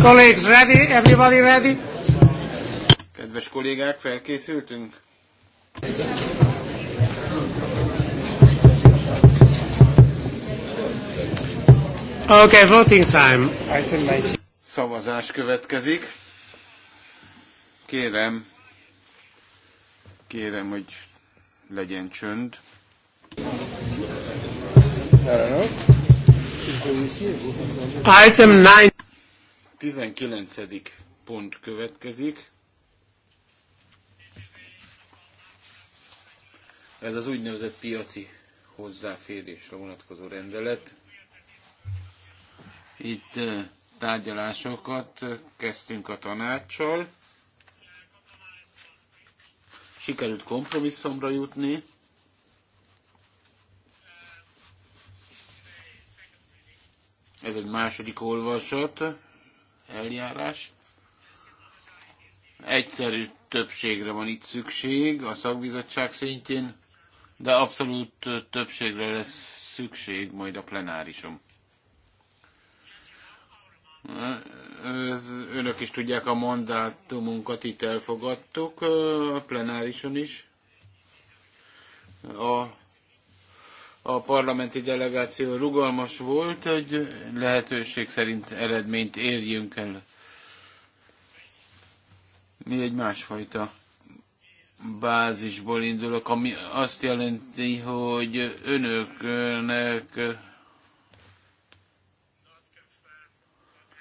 Colleagues, ready? Everybody ready? Kedves kollégák, felkészültünk? Okay, voting time. Item Szavazás következik. Kérem, kérem, hogy legyen csönd. Item 9. 19. pont következik. Ez az úgynevezett piaci hozzáférésre vonatkozó rendelet. Itt tárgyalásokat kezdtünk a tanácssal. Sikerült kompromisszumra jutni Ez egy második olvasat, eljárás. Egyszerű többségre van itt szükség a szakbizottság szintjén, de abszolút többségre lesz szükség majd a plenárisom. Ez, önök is tudják, a mandátumunkat itt elfogadtuk, a plenárison is. A a parlamenti delegáció rugalmas volt, hogy lehetőség szerint eredményt érjünk el. Mi egy másfajta bázisból indulok, ami azt jelenti, hogy önöknek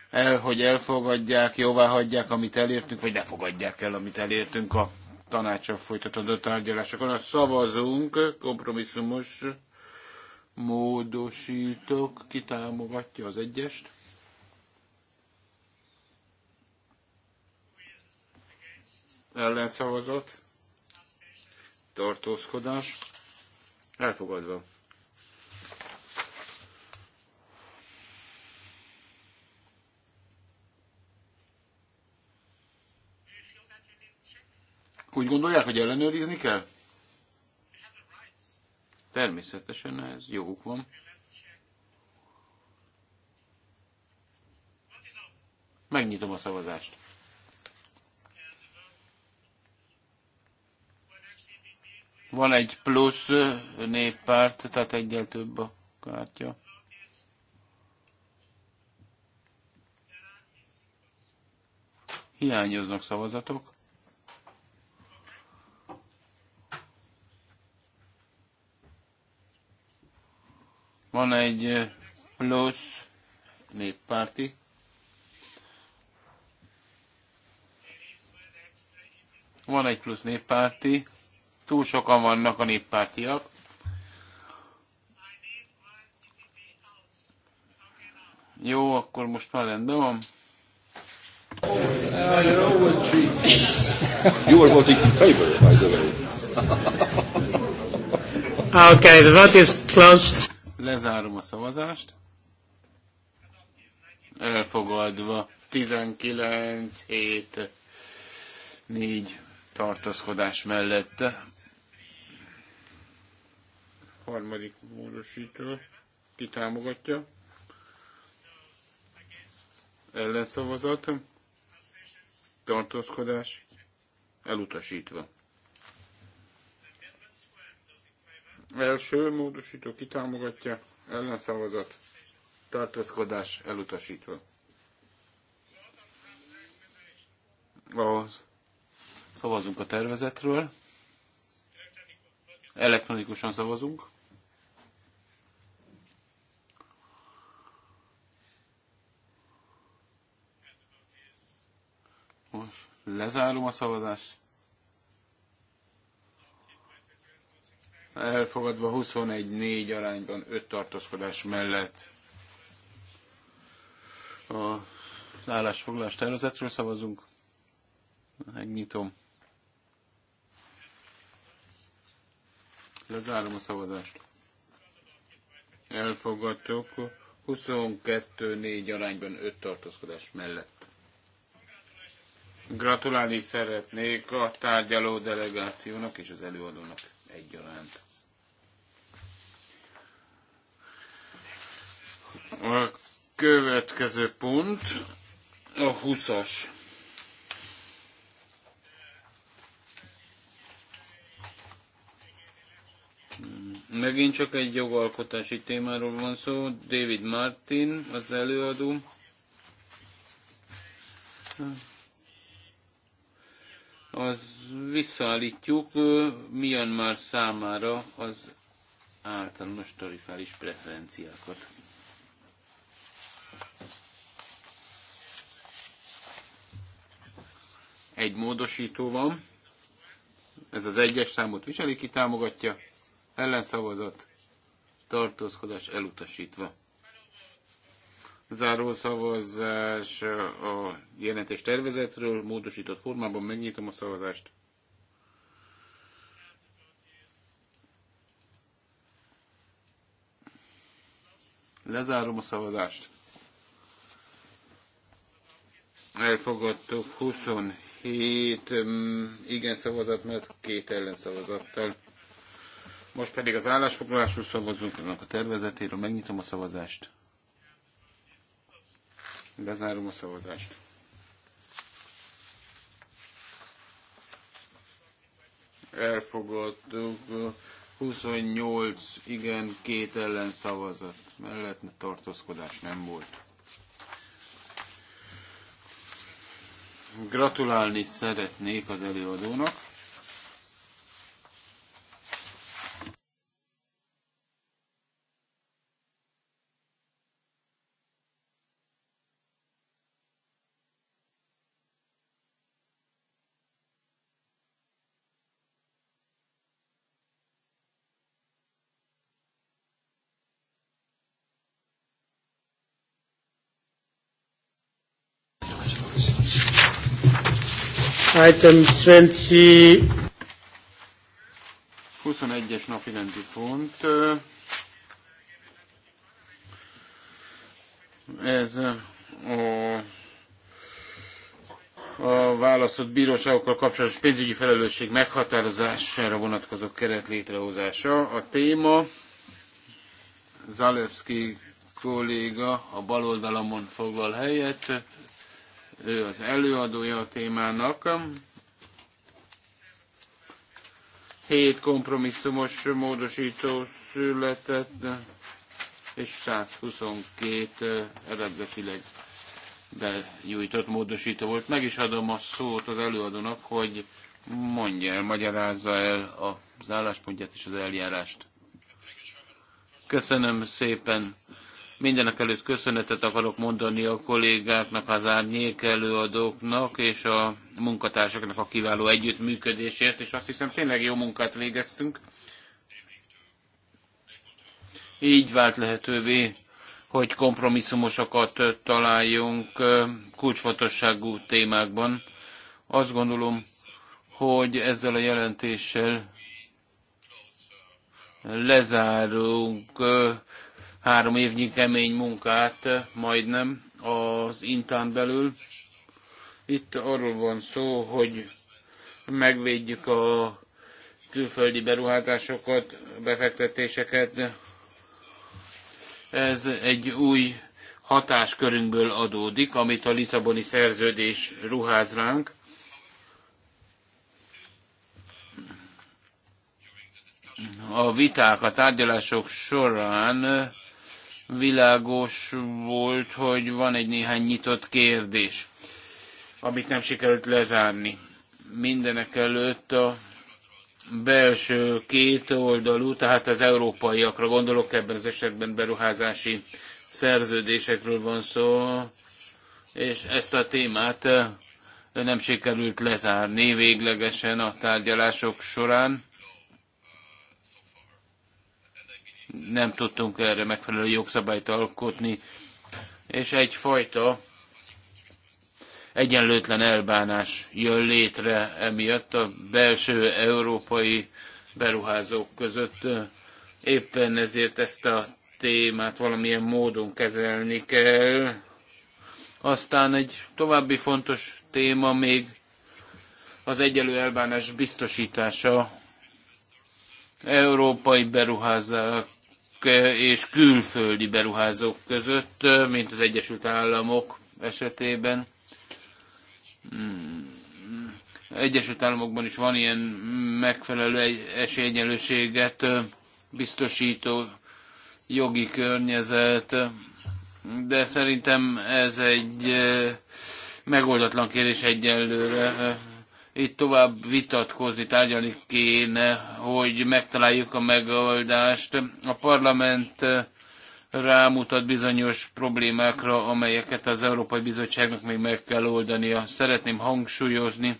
el, hogy elfogadják, jóvá hagyják, amit elértünk, vagy ne fogadják el, amit elértünk a tanácsra folytatott tárgyalásokon. A szavazunk, kompromisszumos módosítok, ki támogatja az egyest. Ellenszavazat, tartózkodás, elfogadva. Úgy gondolják, hogy ellenőrizni kell? Természetesen ez joguk van. Megnyitom a szavazást. Van egy plusz néppárt, tehát egyel több a kártya. Hiányoznak szavazatok. Van egy plusz néppárti. Van egy plusz néppárti. Túl sokan vannak a néppártiak. Jó, akkor most már rendben van. You are voting in favor, by the way. okay, the vote is closed. Lezárom a szavazást. Elfogadva. 19 7 4 tartozkodás mellette. Harmadik módosító. kitámogatja. Ellenszavazat. Tartózkodás. Elutasítva. Első módosító kitámogatja, ellenszavazat, tartózkodás elutasítva. Ahhoz szavazunk a tervezetről. Elektronikusan szavazunk. Most lezárom a szavazást. elfogadva 21-4 arányban 5 tartózkodás mellett. A állásfoglalás tervezetről szavazunk. Megnyitom. Lezárom a szavazást. Elfogadtuk 22-4 arányban 5 tartózkodás mellett. Gratulálni szeretnék a tárgyaló delegációnak és az előadónak egyaránt. A következő pont a 20-as. Megint csak egy jogalkotási témáról van szó. David Martin az előadó. Az visszaállítjuk Myanmar számára az általános tarifális preferenciákat. Egy módosító van. Ez az egyes számot viseli, ki támogatja. Ellenszavazat. Tartózkodás elutasítva. Záró szavazás a jelentés tervezetről, módosított formában megnyitom a szavazást. Lezárom a szavazást. Elfogadtuk Hét igen szavazat mellett, két ellen szavazattal. Most pedig az állásfoglalásról szavazunk, annak a tervezetéről. Megnyitom a szavazást. Bezárom a szavazást. Elfogadtuk 28 igen, két ellen szavazat mellett tartózkodás nem volt. Gratulálni szeretnék az előadónak. Item 20. 21-es napirendi pont. Ez a, a választott bíróságokkal kapcsolatos pénzügyi felelősség meghatározására vonatkozó keret létrehozása. A téma Zalewski kolléga a bal foglal helyet. Ő az előadója a témának. Hét kompromisszumos módosító született, és 122 eredetileg benyújtott módosító volt. Meg is adom a szót az előadónak, hogy mondja el, magyarázza el az álláspontját és az eljárást. Köszönöm szépen. Mindenek előtt köszönetet akarok mondani a kollégáknak, az árnyék előadóknak és a munkatársaknak a kiváló együttműködésért, és azt hiszem tényleg jó munkát végeztünk. Így vált lehetővé, hogy kompromisszumosokat találjunk kulcsfontosságú témákban. Azt gondolom, hogy ezzel a jelentéssel lezárunk három évnyi kemény munkát majdnem az intán belül. Itt arról van szó, hogy megvédjük a külföldi beruházásokat, befektetéseket. Ez egy új hatáskörünkből adódik, amit a Lisszaboni szerződés ruház ránk. A viták, a tárgyalások során világos volt, hogy van egy néhány nyitott kérdés, amit nem sikerült lezárni. Mindenek előtt a belső két oldalú, tehát az európaiakra gondolok, ebben az esetben beruházási szerződésekről van szó, és ezt a témát nem sikerült lezárni véglegesen a tárgyalások során. nem tudtunk erre megfelelő jogszabályt alkotni, és egyfajta egyenlőtlen elbánás jön létre emiatt a belső európai beruházók között. Éppen ezért ezt a témát valamilyen módon kezelni kell. Aztán egy további fontos téma még az egyenlő elbánás biztosítása. Európai beruházák Eh, és külföldi beruházók között, eh, mint az Egyesült Államok esetében. Mm. Egyesült Államokban is van ilyen megfelelő esélyegyenlőséget eh, biztosító jogi környezet, de szerintem ez egy megoldatlan kérdés egyelőre itt tovább vitatkozni, tárgyalni kéne, hogy megtaláljuk a megoldást. A parlament eh, rámutat bizonyos problémákra, amelyeket az Európai Bizottságnak még meg kell oldania. Szeretném hangsúlyozni,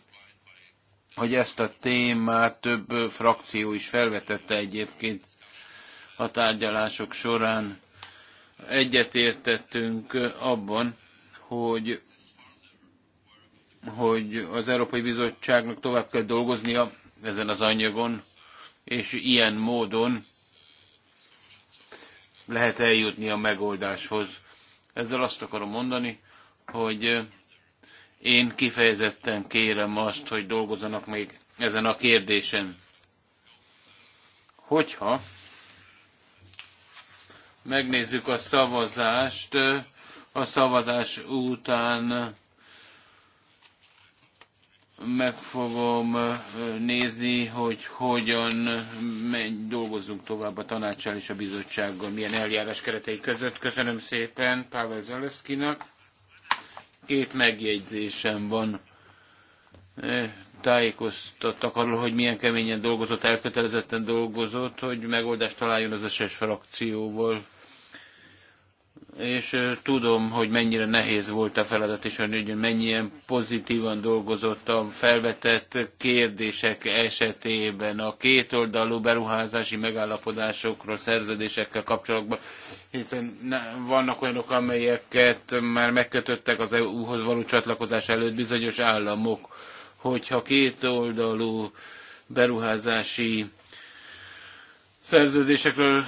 hogy ezt a témát több eh, frakció is felvetette egyébként a tárgyalások során. Egyetértettünk eh, abban, hogy hogy az Európai Bizottságnak tovább kell dolgoznia ezen az anyagon, és ilyen módon lehet eljutni a megoldáshoz. Ezzel azt akarom mondani, hogy én kifejezetten kérem azt, hogy dolgozzanak még ezen a kérdésen. Hogyha megnézzük a szavazást, a szavazás után meg fogom nézni, hogy hogyan menj, dolgozzunk tovább a tanácsal és a bizottsággal, milyen eljárás keretei között. Köszönöm szépen Pável Zalewskinak. Két megjegyzésem van. Tájékoztattak arról, hogy milyen keményen dolgozott, elkötelezetten dolgozott, hogy megoldást találjon az összes frakcióval és tudom, hogy mennyire nehéz volt a feladat, és hogy mennyien pozitívan dolgozott a felvetett kérdések esetében, a kétoldalú beruházási megállapodásokról, szerződésekkel kapcsolatban, hiszen vannak olyanok, amelyeket már megkötöttek az EU-hoz való csatlakozás előtt bizonyos államok, hogyha kétoldalú beruházási szerződésekről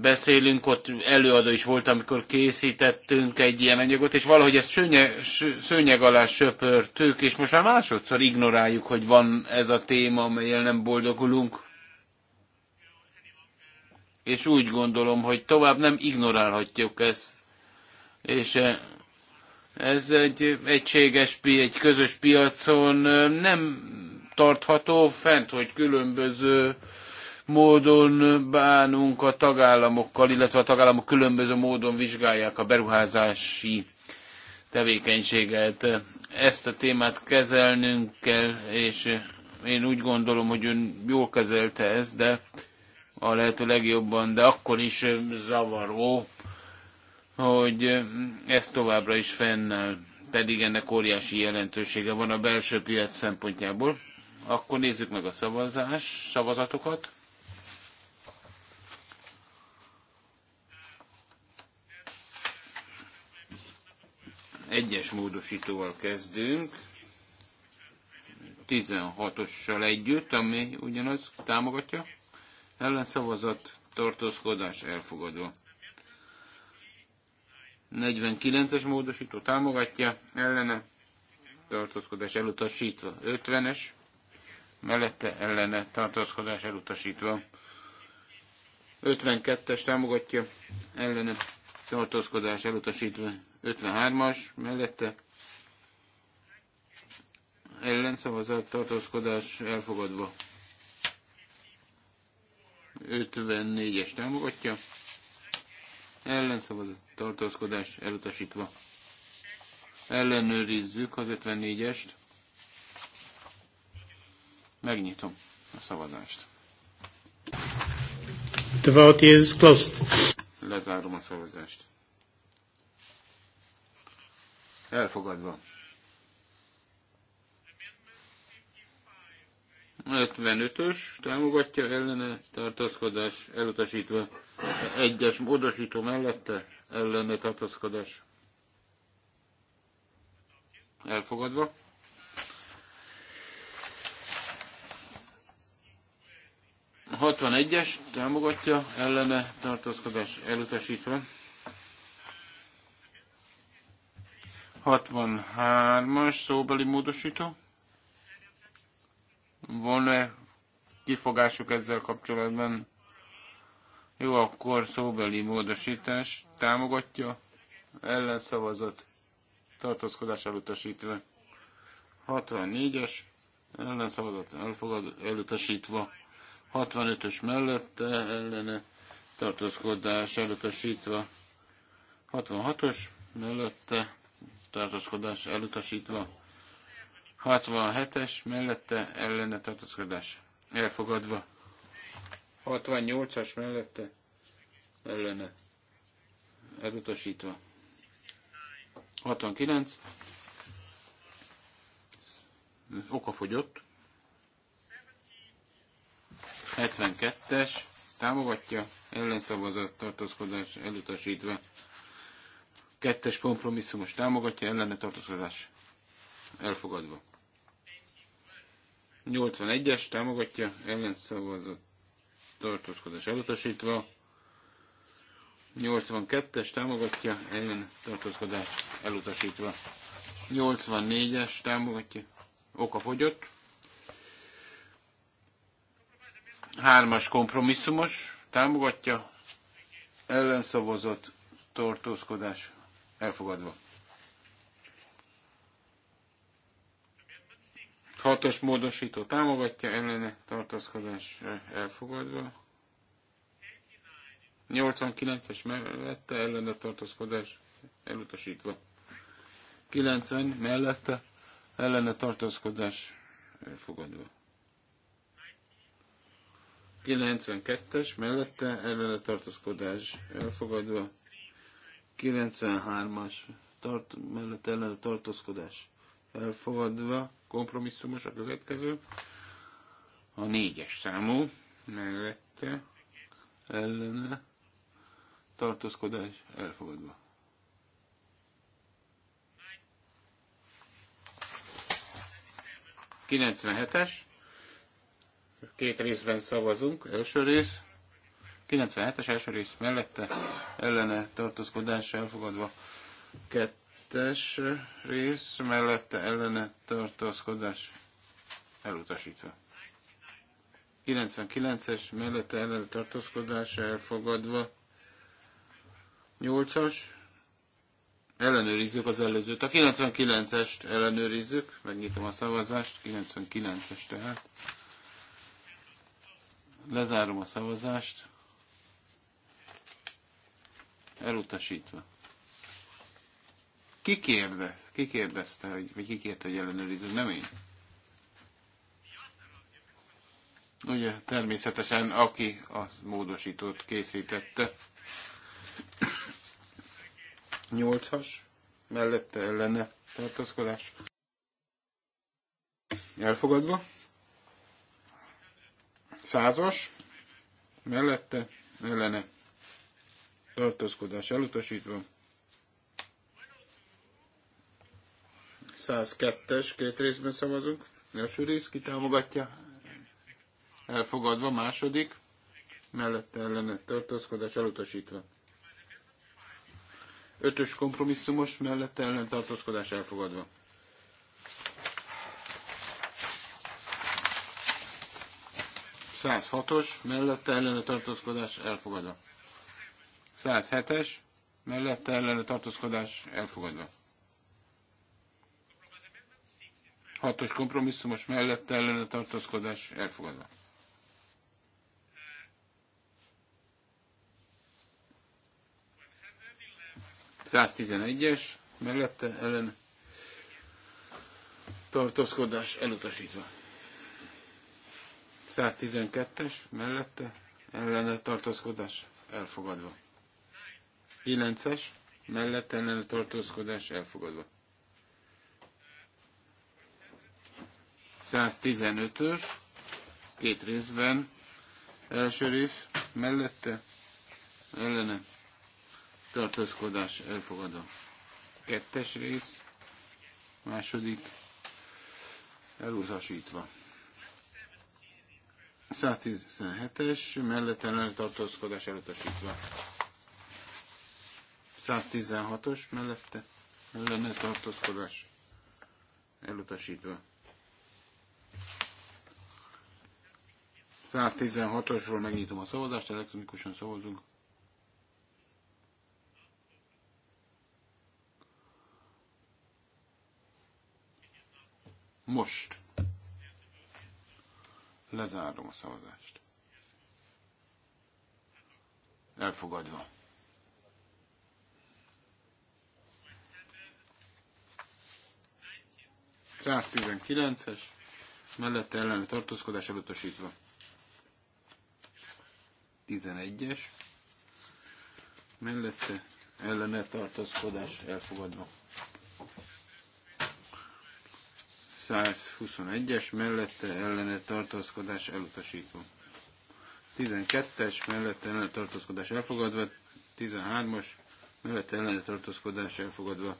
beszélünk, ott előadó is volt, amikor készítettünk egy ilyen anyagot, és valahogy ezt szőnyeg, szőnyeg alá söpörtük, és most már másodszor ignoráljuk, hogy van ez a téma, amelyel nem boldogulunk. És úgy gondolom, hogy tovább nem ignorálhatjuk ezt. És eh, ez egy egységes, egy közös piacon eh, nem tartható fent, hogy különböző módon bánunk a tagállamokkal, illetve a tagállamok különböző módon vizsgálják a beruházási tevékenységet. Ezt a témát kezelnünk kell, és én úgy gondolom, hogy ön jól kezelte ezt, de a lehető legjobban, de akkor is zavaró, hogy ez továbbra is fennáll, pedig ennek óriási jelentősége van a belső piac szempontjából. Akkor nézzük meg a szavazás, szavazatokat. Egyes módosítóval kezdünk, 16-ossal együtt, ami ugyanaz támogatja. Ellenszavazat, tartózkodás elfogadva. 49-es módosító támogatja, ellene tartózkodás elutasítva. 50-es, mellette ellene tartózkodás elutasítva. 52-es támogatja, ellene tartózkodás elutasítva. 53-as mellette ellenszavazat tartózkodás elfogadva. 54-es támogatja. Ellenszavazat tartózkodás elutasítva. Ellenőrizzük az 54-est. Megnyitom a szavazást. The vote is closed. Lezárom a szavazást. Elfogadva. 55-ös támogatja ellene tartózkodás elutasítva. Egyes módosító mellette ellene tartózkodás. Elfogadva. A 61-es támogatja ellene tartózkodás elutasítva. 63-as szóbeli módosító. Van-e kifogásuk ezzel kapcsolatban? Jó, akkor szóbeli módosítás támogatja, ellenszavazat, tartózkodás elutasítva. 64-es, ellenszavazat elfogad, elutasítva. 65-ös mellette, ellene, tartózkodás elutasítva. 66-os mellette, tartózkodás elutasítva. 67-es mellette ellene tartózkodás elfogadva. 68-as mellette ellene elutasítva. 69 Okafogyott. fogyott. 72-es támogatja ellenszavazat tartózkodás elutasítva. Kettes kompromisszumos támogatja, ellene tartózkodás elfogadva. 81-es támogatja, szavazott tartózkodás elutasítva. 82-es támogatja, ellen tartózkodás elutasítva. 84-es támogatja, oka fogyott. Hármas kompromisszumos támogatja, ellenszavazott tartózkodás Elfogadva. Hatos módosító támogatja ellene tartózkodás eh, elfogadva. 89-es mellette ellene tartózkodás elutasítva. 90 mellette ellene tartózkodás elfogadva. 92-es mellette ellene tartózkodás elfogadva. 93-as tart, mellett ellen tartózkodás elfogadva, kompromisszumos a következő, a négyes számú mellette ellene tartózkodás elfogadva. Kilencvenhetes. Két részben szavazunk. Első rész 97-es első rész mellette ellene tartózkodás elfogadva. Kettes rész mellette ellene tartózkodás elutasítva. 99-es mellette ellene tartózkodás elfogadva. 8-as ellenőrizzük az előzőt. A 99-est ellenőrizzük, megnyitom a szavazást, 99-es tehát. Lezárom a szavazást. Elutasítva. Ki, kérdez, ki kérdezte, hogy, vagy ki kérte, hogy ellenőrizzük? Nem én. Ugye természetesen, aki a módosítót készítette. Nyolcas mellette ellene tartozkodás. Elfogadva. Százas, mellette ellene tartózkodás elutasítva. 102-es, két részben szavazunk. Első rész kitámogatja. Elfogadva, második. Mellette ellene tartózkodás elutasítva. Ötös kompromisszumos, mellette ellen tartózkodás elfogadva. hatos, mellette ellene tartózkodás elfogadva. 107-es, mellette ellene tartózkodás elfogadva. 6-os kompromisszumos mellette ellene tartózkodás elfogadva. es mellette ellen tartózkodás elutasítva. 112-es mellette ellene tartózkodás elfogadva. 9-es, mellette ellene tartózkodás elfogadva. 115-ös, két részben, első rész, mellette, ellene, tartózkodás elfogadva. Kettes rész, második, elutasítva. 117-es, mellette ellene tartózkodás elutasítva. 116-os mellette ellene tartózkodás elutasítva. 116-osról megnyitom a szavazást, elektronikusan szavazunk. Most lezárom a szavazást. Elfogadva. 119-es, mellette ellene tartózkodás elutasítva. 11-es, mellette ellene tartózkodás elfogadva. 121-es, mellette ellene tartózkodás elutasítva. 12-es, mellette ellene tartózkodás elfogadva. 13-as, mellette ellene tartózkodás elfogadva.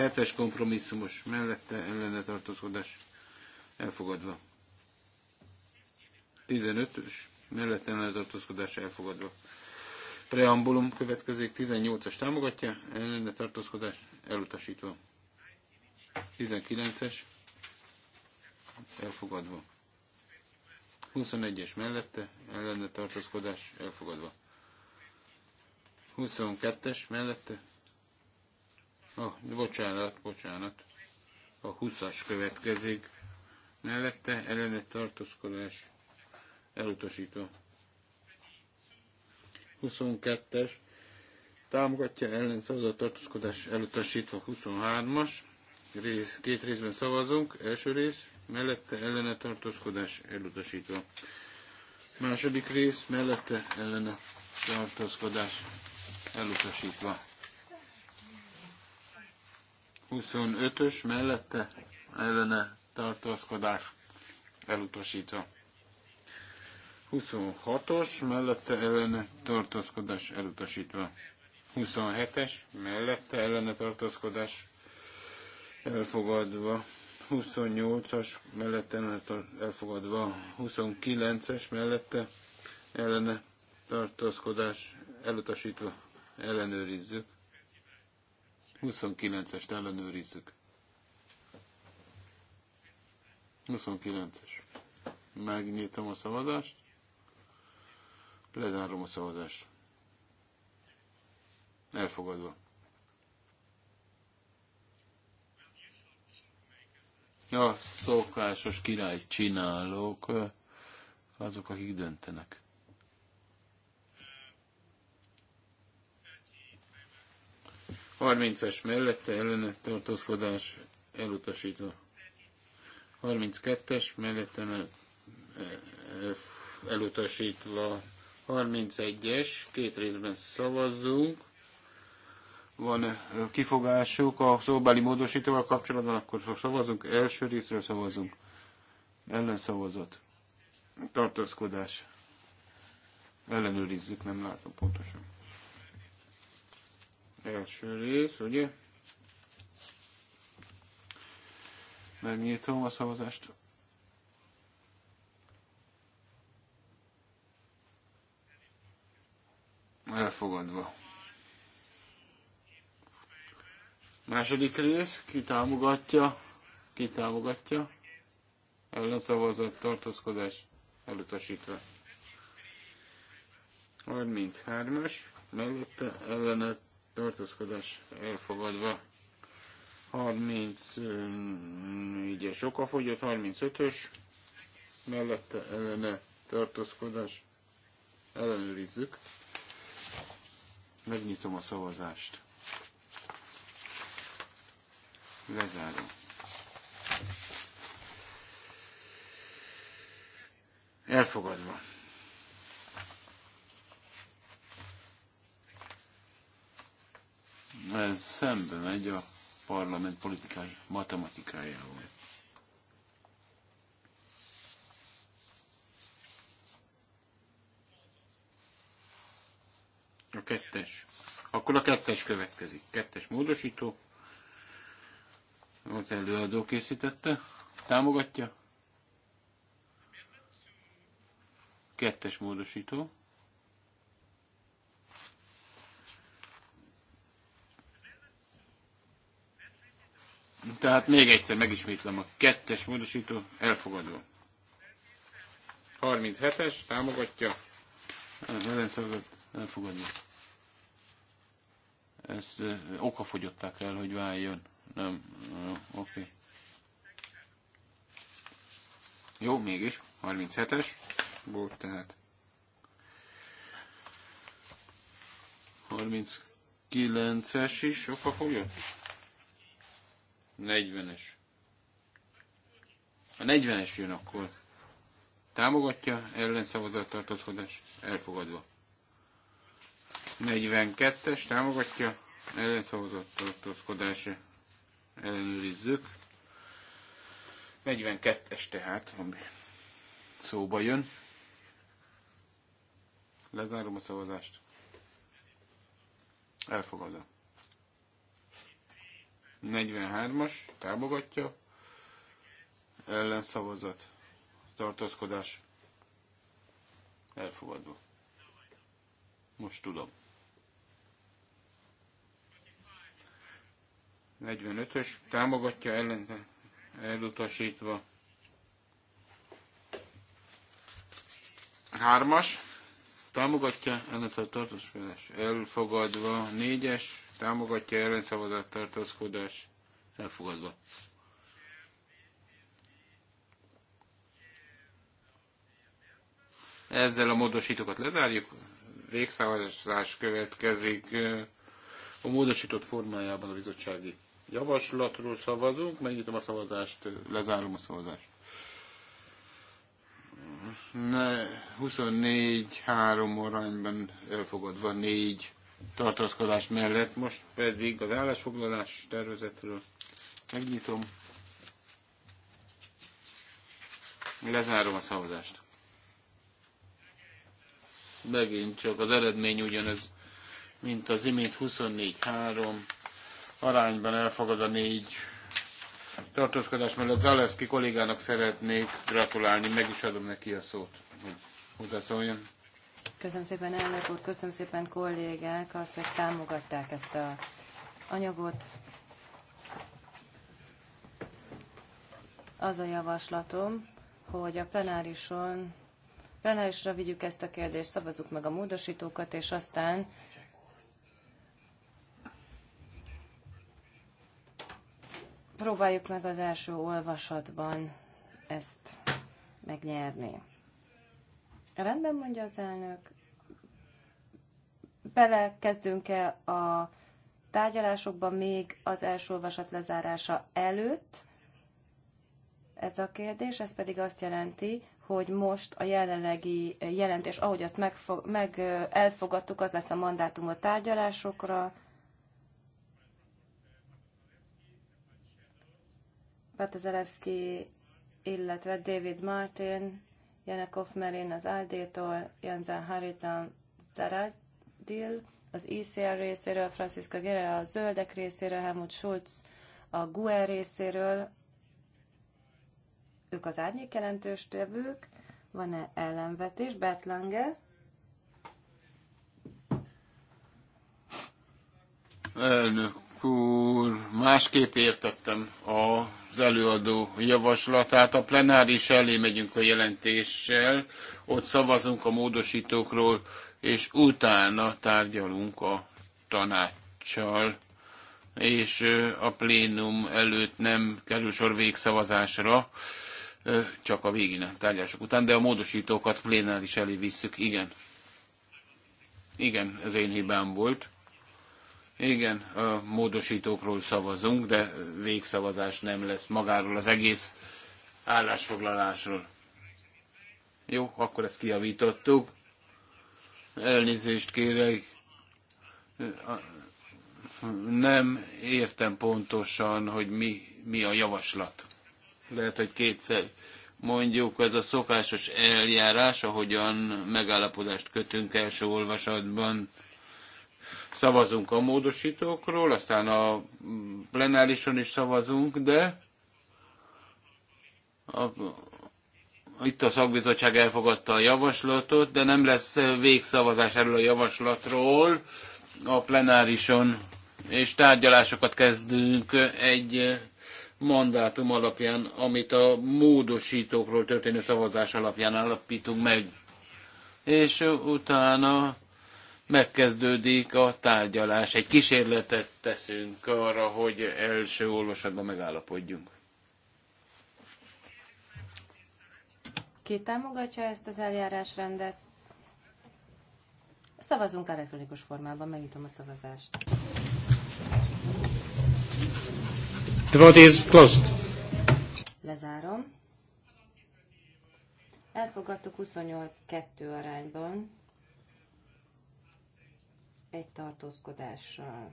Hetes kompromisszumos mellette ellene tartózkodás elfogadva. 15-ös mellette ellene tartózkodás elfogadva. Preambulum következik, 18-as támogatja, ellene tartózkodás elutasítva. 19-es elfogadva. 21-es mellette ellene tartózkodás elfogadva. 22-es mellette Oh, bocsánat, bocsánat. A 20-as következik. Mellette ellenet tartózkodás elutasító. 22-es támogatja szavazat tartózkodás elutasítva 23-as. Rész, két részben szavazunk. Első rész mellette ellene tartózkodás elutasítva. Második rész mellette ellene tartózkodás elutasítva. 25-ös mellette ellene tartózkodás elutasítva. 26-os mellette ellene tartózkodás elutasítva. 27-es mellette ellene tartózkodás elfogadva. 28-as mellette elfogadva. 29-es mellette ellene tartózkodás elutasítva. Ellenőrizzük. 29-est ellenőrizzük. 29-es. Megnyitom a szavazást. Lezárom a szavazást. Elfogadva. A szokásos király csinálók, azok, akik döntenek. 30 es mellette ellene tartózkodás elutasítva. 32-es mellette eh, elutasítva. 31-es, két részben szavazzunk. Van eh, kifogásuk a szóbeli módosítóval kapcsolatban, akkor szavazunk, első részről szavazunk. Ellenszavazat. Tartózkodás. Ellenőrizzük, nem látom pontosan. Első rész, ugye? Megnyitom a szavazást. Elfogadva. Második rész, ki támogatja, ki támogatja, ellenszavazat, tartózkodás, elutasítva. 33-as, mellette ellenet tartózkodás elfogadva. 34-es okafogyott, 35-ös, mellette ellene tartózkodás, ellenőrizzük. Megnyitom a szavazást. Lezárom. Elfogadva. Ez szembe megy a parlament politikai matematikájával. A kettes. Akkor a kettes következik. Kettes módosító. Az előadó készítette. Támogatja. Kettes módosító. Tehát még egyszer megismétlem a kettes módosító elfogadva. 37-es támogatja. Ellenszavazat elfogadva. Ezt okafogyották el, hogy váljon. Nem, jó, oké. Jó, mégis. 37-es volt tehát. 39-es is fogja. 40-es. A 40-es jön akkor. Támogatja ellenszavazat tartózkodás elfogadva. 42-es támogatja ellenszavazat tartózkodás ellenőrizzük. 42-es tehát, ami szóba jön. Lezárom a szavazást. Elfogadom. 43-as támogatja, ellenszavazat, tartózkodás elfogadva. Most tudom. 45-ös támogatja ellen elutasítva. 3-as támogatja ellenszer tartózkodás elfogadva. 4-es támogatja ellenszavazat tartózkodás elfogadva. Ezzel a módosítókat lezárjuk, végszavazás következik a módosított formájában a bizottsági javaslatról szavazunk, megnyitom a szavazást, lezárom a szavazást. 24-3 arányban elfogadva 4 tartózkodás mellett. Most pedig az állásfoglalás tervezetről megnyitom. Lezárom a szavazást. Megint csak az eredmény ugyanez, mint az imént 24-3 arányban a négy tartózkodás mellett Zaleszki kollégának szeretnék gratulálni, meg is adom neki a szót, hogy hozzászóljon. Köszönöm szépen, elnök úr, köszönöm szépen kollégák azt, hogy támogatták ezt a anyagot. Az a javaslatom, hogy a plenárison, plenárisra vigyük ezt a kérdést, szavazzuk meg a módosítókat, és aztán próbáljuk meg az első olvasatban ezt megnyerni. Rendben mondja az elnök. Belekezdünk-e a tárgyalásokba még az első olvasat lezárása előtt? Ez a kérdés, ez pedig azt jelenti, hogy most a jelenlegi jelentés, ahogy azt megfog, meg elfogadtuk, az lesz a mandátum a tárgyalásokra. Petezelevski, illetve David Martin Janekov Merin az Aldétól, Janzen Haritan Zaradil az ICR e részéről, Francisca Gere a Zöldek részéről, Helmut Schulz a GUE részéről. Ők az árnyék jelentős tevők. Van-e ellenvetés? Betlange? Elnök úr, másképp értettem a az előadó javaslatát. A plenáris elé megyünk a jelentéssel, ott szavazunk a módosítókról, és utána tárgyalunk a tanácssal és a plénum előtt nem kerül sor végszavazásra, csak a végén a tárgyalások után, de a módosítókat plénáris elé visszük, igen. Igen, ez én hibám volt. Igen, a módosítókról szavazunk, de végszavazás nem lesz magáról az egész állásfoglalásról. Jó, akkor ezt kiavítottuk. Elnézést kérek. Nem értem pontosan, hogy mi, mi a javaslat. Lehet, hogy kétszer mondjuk ez a szokásos eljárás, ahogyan megállapodást kötünk első olvasatban Szavazunk a módosítókról, aztán a plenárison is szavazunk, de a, itt a szakbizottság elfogadta a javaslatot, de nem lesz végszavazás erről a javaslatról a plenárison, és tárgyalásokat kezdünk egy mandátum alapján, amit a módosítókról történő szavazás alapján alapítunk meg. És utána megkezdődik a tárgyalás. Egy kísérletet teszünk arra, hogy első olvasatban megállapodjunk. Ki támogatja ezt az eljárásrendet? Szavazunk elektronikus formában, megnyitom a szavazást. The vote is closed. Lezárom. Elfogadtuk 28-2 arányban egy tartózkodással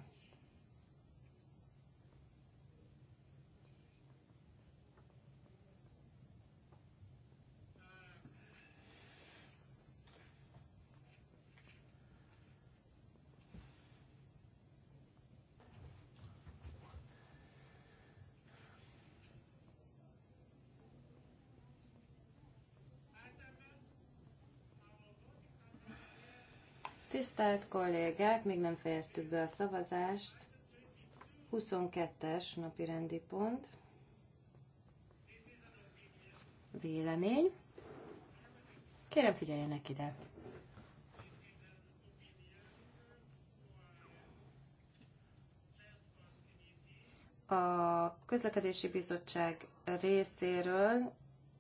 Tisztelt kollégák, még nem fejeztük be a szavazást. 22-es napi rendi pont. Vélemény. Kérem figyeljenek ide. A közlekedési bizottság részéről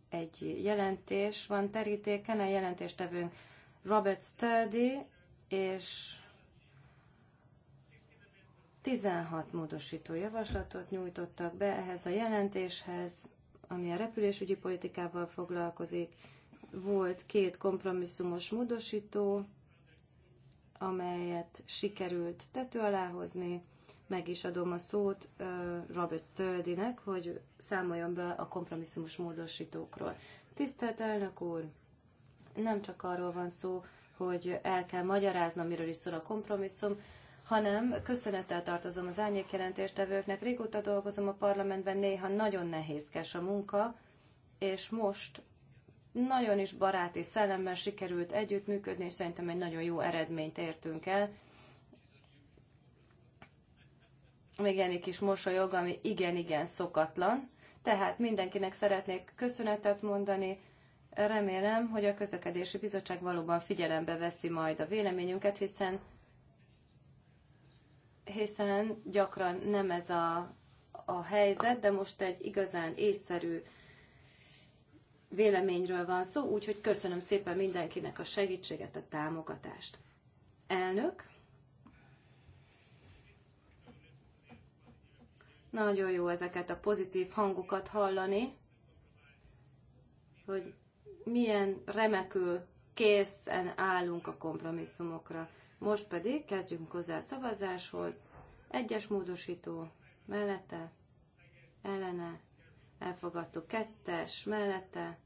egy jelentés van terítéken, a jelentéstevőnk Robert Sturdy, és 16 módosító javaslatot nyújtottak be ehhez a jelentéshez, ami a repülésügyi politikával foglalkozik. Volt két kompromisszumos módosító, amelyet sikerült tető alá hozni. Meg is adom a szót Robert Stöldinek, hogy számoljon be a kompromisszumos módosítókról. Tisztelt elnök úr, nem csak arról van szó, hogy el kell magyaráznom, miről is szól a kompromisszum, hanem köszönettel tartozom az árnyékjelentéstevőknek. Régóta dolgozom a parlamentben, néha nagyon nehézkes a munka, és most nagyon is baráti szellemben sikerült együttműködni, és szerintem egy nagyon jó eredményt értünk el. Még ennél kis mosolyog, ami igen-igen szokatlan. Tehát mindenkinek szeretnék köszönetet mondani, Remélem, hogy a közlekedési bizottság valóban figyelembe veszi majd a véleményünket, hiszen hiszen gyakran nem ez a, a helyzet, de most egy igazán észszerű véleményről van szó, úgyhogy köszönöm szépen mindenkinek a segítséget, a támogatást. Elnök, nagyon jó ezeket a pozitív hangokat hallani, hogy milyen remekül készen állunk a kompromisszumokra. Most pedig kezdjünk hozzá a szavazáshoz. Egyes módosító mellette, ellene, elfogadtuk. Kettes mellette,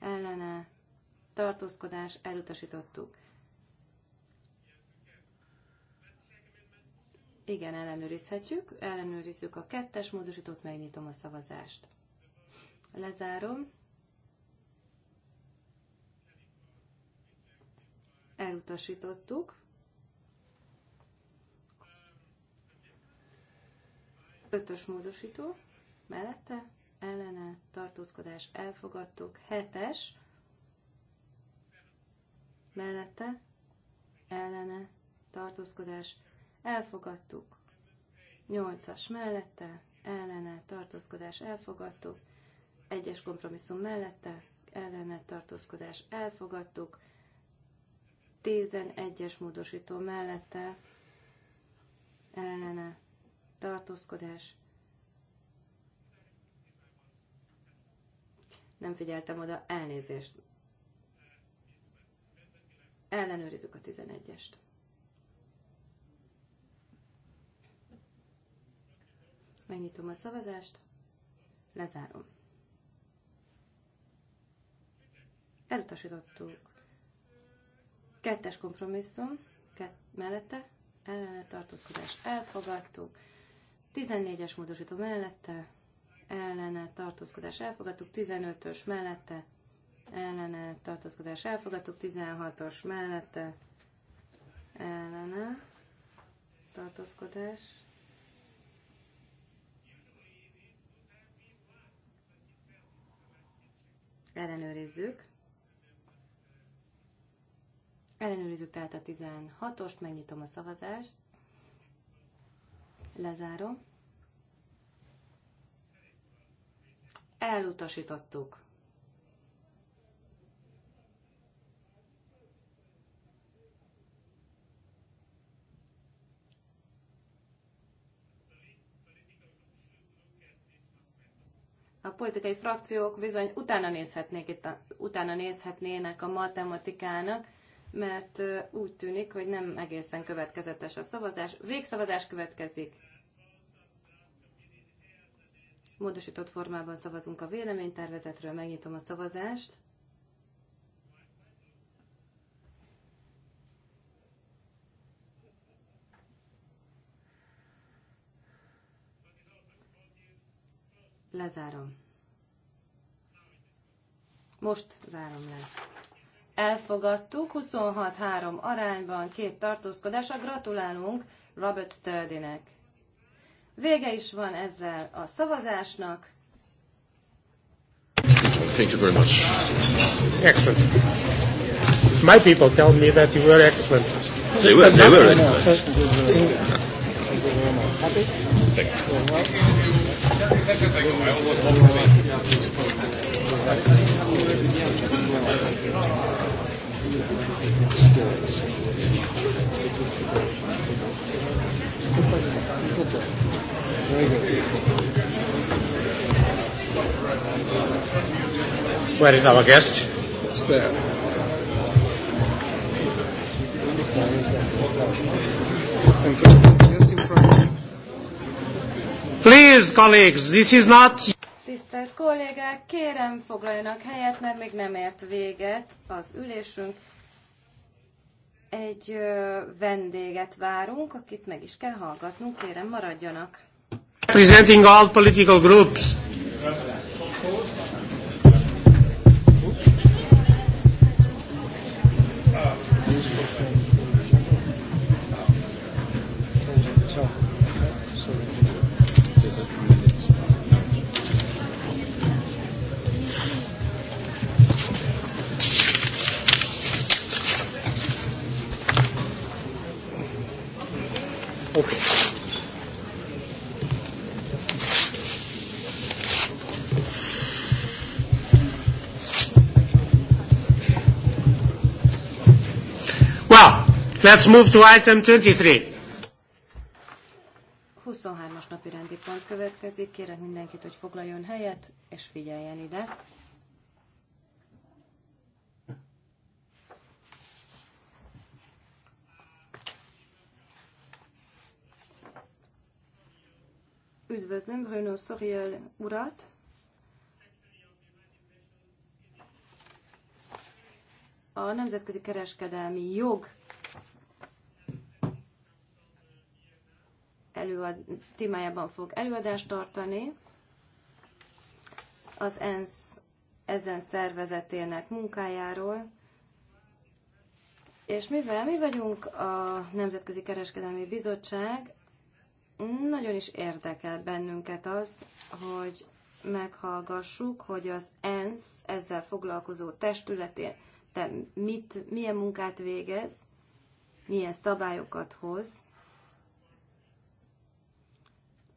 ellene, tartózkodás, elutasítottuk. Igen, ellenőrizhetjük. Ellenőrizzük a kettes módosítót, megnyitom a szavazást. Lezárom elutasítottuk. Ötös módosító, mellette, ellene, tartózkodás, elfogadtuk. hetes, mellette, ellene, tartózkodás, elfogadtuk. nyolcas, mellette, ellene, tartózkodás, elfogadtuk. egyes kompromisszum mellette, ellene, tartózkodás, elfogadtuk. 11-es módosító mellette ellene tartózkodás. Nem figyeltem oda, elnézést. Ellenőrizzük a 11-est. Megnyitom a szavazást, lezárom. Elutasítottuk. Kettes kompromisszum, kett, mellette, ellene tartózkodás elfogadtuk. 14-es módosító mellette, ellene tartózkodás elfogadtuk. 15-ös mellette, ellene tartózkodás elfogadtuk. 16-os mellette, ellene tartózkodás ellenőrizzük. Ellenőrizzük tehát a 16-ost, megnyitom a szavazást, lezárom. Elutasítottuk. a politikai frakciók bizony utána nézhetnék itt a, utána nézhetnének a matematikának, mert úgy tűnik, hogy nem egészen következetes a szavazás. Végszavazás következik. Módosított formában szavazunk a véleménytervezetről, megnyitom a szavazást. Lezárom. Most zárom le elfogadtuk, 26-3 arányban két tartózkodásra. Gratulálunk Robert Sturdynek. Vége is van ezzel a szavazásnak. Thank you very much. Excellent. My people tell me that you were excellent. They were, they were excellent. Thanks. Where is our guest? It's there. Please, colleagues, this is not kollégák, kérem foglaljanak helyet, mert még nem ért véget az ülésünk. Egy vendéget várunk, akit meg is kell hallgatnunk, kérem maradjanak. Representing all political groups. Okay. Well, let's move to item 23. 23-as napi rendi pont következik. Kérek mindenkit, hogy foglaljon helyet, és figyeljen ide. Üdvözlöm Bruno Soriel urat. A nemzetközi kereskedelmi jog előad, témájában fog előadást tartani. Az ENSZ ezen szervezetének munkájáról. És mivel mi vagyunk a Nemzetközi Kereskedelmi Bizottság, nagyon is érdekel bennünket az, hogy meghallgassuk, hogy az ENSZ ezzel foglalkozó testületén te mit, milyen munkát végez, milyen szabályokat hoz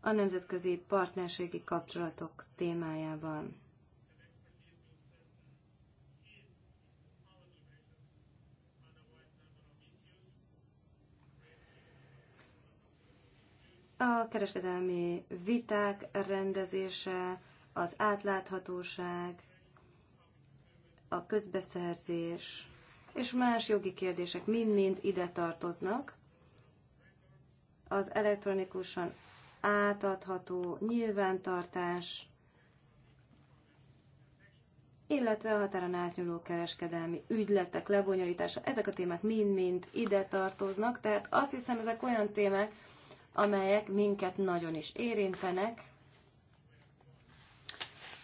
a nemzetközi partnerségi kapcsolatok témájában. A kereskedelmi viták rendezése, az átláthatóság, a közbeszerzés és más jogi kérdések mind-mind ide tartoznak. Az elektronikusan átadható nyilvántartás, illetve a határon átnyúló kereskedelmi ügyletek lebonyolítása. Ezek a témák mind-mind ide tartoznak, tehát azt hiszem ezek olyan témák, amelyek minket nagyon is érintenek,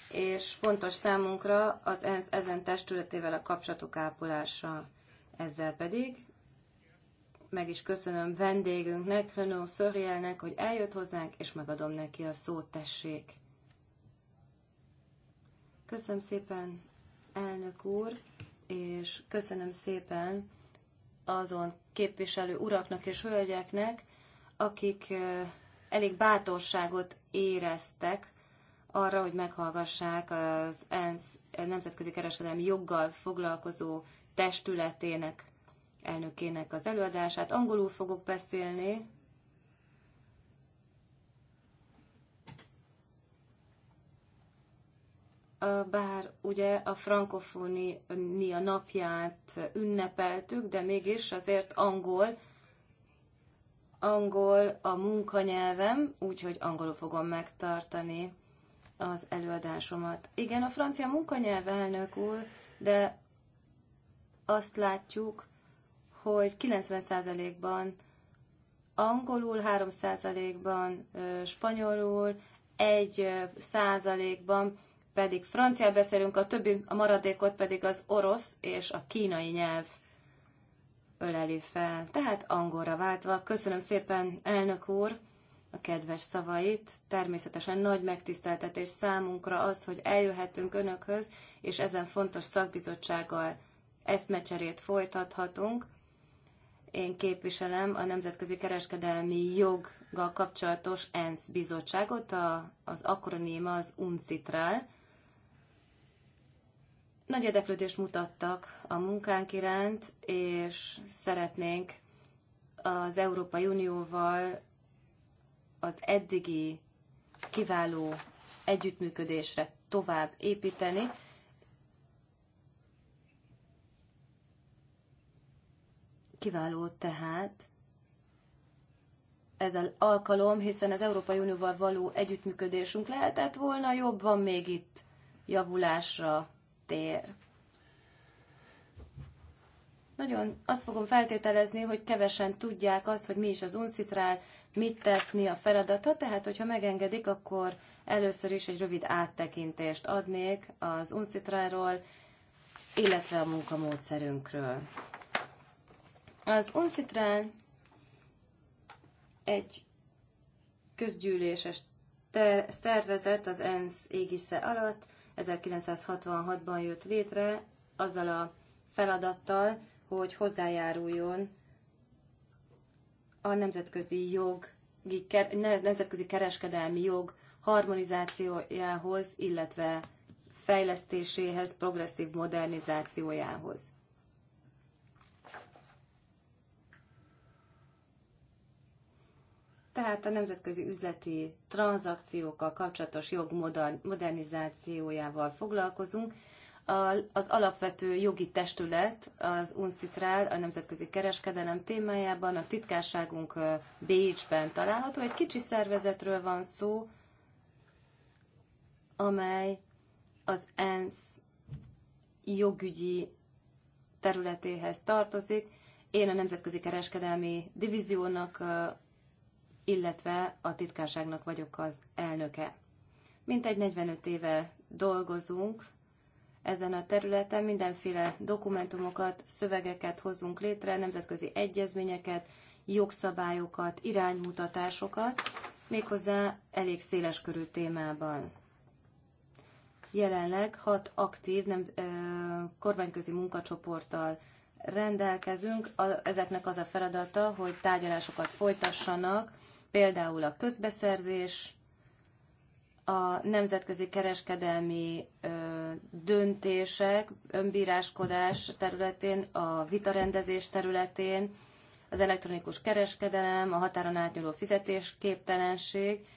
és fontos számunkra az ENSZ ezen testületével a kapcsolatok ápolása. Ezzel pedig meg is köszönöm vendégünknek, Renó Szörjelnek, hogy eljött hozzánk, és megadom neki a szót, tessék. Köszönöm szépen, elnök úr, és köszönöm szépen azon képviselő uraknak és hölgyeknek, akik elég bátorságot éreztek arra, hogy meghallgassák az ENSZ nemzetközi kereskedelmi joggal foglalkozó testületének elnökének az előadását. Angolul fogok beszélni. Bár ugye a frankofónia napját ünnepeltük, de mégis azért angol Angol a munkanyelvem, úgyhogy angolul fogom megtartani az előadásomat. Igen, a francia munkanyelv elnök úr, de azt látjuk, hogy 90%-ban angolul, 3%-ban spanyolul, 1%-ban pedig francia beszélünk, a többi, a maradékot pedig az orosz és a kínai nyelv öleli fel. Tehát angolra váltva, köszönöm szépen, elnök úr, a kedves szavait. Természetesen nagy megtiszteltetés számunkra az, hogy eljöhetünk önökhöz, és ezen fontos szakbizottsággal eszmecserét folytathatunk. Én képviselem a Nemzetközi Kereskedelmi Joggal kapcsolatos ENSZ bizottságot, a, az akronéma az UNCITRAL, nagy érdeklődést mutattak a munkánk iránt, és szeretnénk az Európai Unióval az eddigi kiváló együttműködésre tovább építeni. Kiváló tehát ez az alkalom, hiszen az Európai Unióval való együttműködésünk lehetett volna, jobb van még itt javulásra tér. Nagyon azt fogom feltételezni, hogy kevesen tudják azt, hogy mi is az uncitrál, mit tesz, mi a feladata, tehát hogyha megengedik, akkor először is egy rövid áttekintést adnék az uncitrálról, illetve a munkamódszerünkről. Az uncitrál egy közgyűléses szervezet az ENSZ égisze alatt, 1966-ban jött létre, azzal a feladattal, hogy hozzájáruljon a nemzetközi jog, nemzetközi kereskedelmi jog harmonizációjához, illetve fejlesztéséhez, progresszív modernizációjához. tehát a nemzetközi üzleti tranzakciókkal kapcsolatos jog modernizációjával foglalkozunk. Az alapvető jogi testület, az UNCITRAL, a nemzetközi kereskedelem témájában, a titkárságunk Bécsben található. Egy kicsi szervezetről van szó, amely az ENSZ jogügyi területéhez tartozik. Én a Nemzetközi Kereskedelmi Divíziónak illetve a titkárságnak vagyok az elnöke. Mintegy 45 éve dolgozunk ezen a területen, mindenféle dokumentumokat, szövegeket hozunk létre, nemzetközi egyezményeket, jogszabályokat, iránymutatásokat, méghozzá elég széles körű témában. Jelenleg hat aktív nem, ö, kormányközi munkacsoporttal rendelkezünk. A, ezeknek az a feladata, hogy tárgyalásokat folytassanak például a közbeszerzés, a nemzetközi kereskedelmi ö, döntések, önbíráskodás területén, a vitarendezés területén, az elektronikus kereskedelem, a határon átnyúló fizetésképtelenség,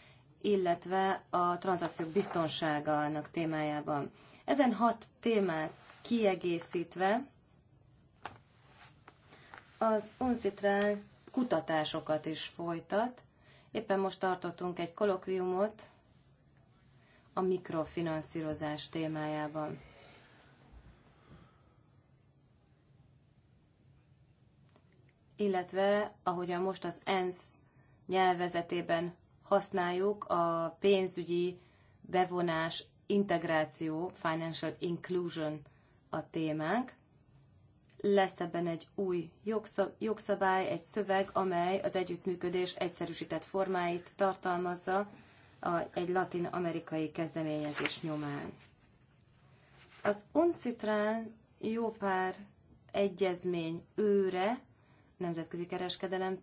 illetve a tranzakciók biztonsága annak témájában. Ezen hat témát kiegészítve az UNCITRAL kutatásokat is folytat, Éppen most tartottunk egy kolokviumot a mikrofinanszírozás témájában. Illetve, ahogyan most az ENSZ nyelvezetében használjuk, a pénzügyi bevonás, integráció, financial inclusion a témánk lesz ebben egy új jogszabály, egy szöveg, amely az együttműködés egyszerűsített formáit tartalmazza a, egy latin-amerikai kezdeményezés nyomán. Az UNCITRAL jó pár egyezmény őre, nemzetközi kereskedelem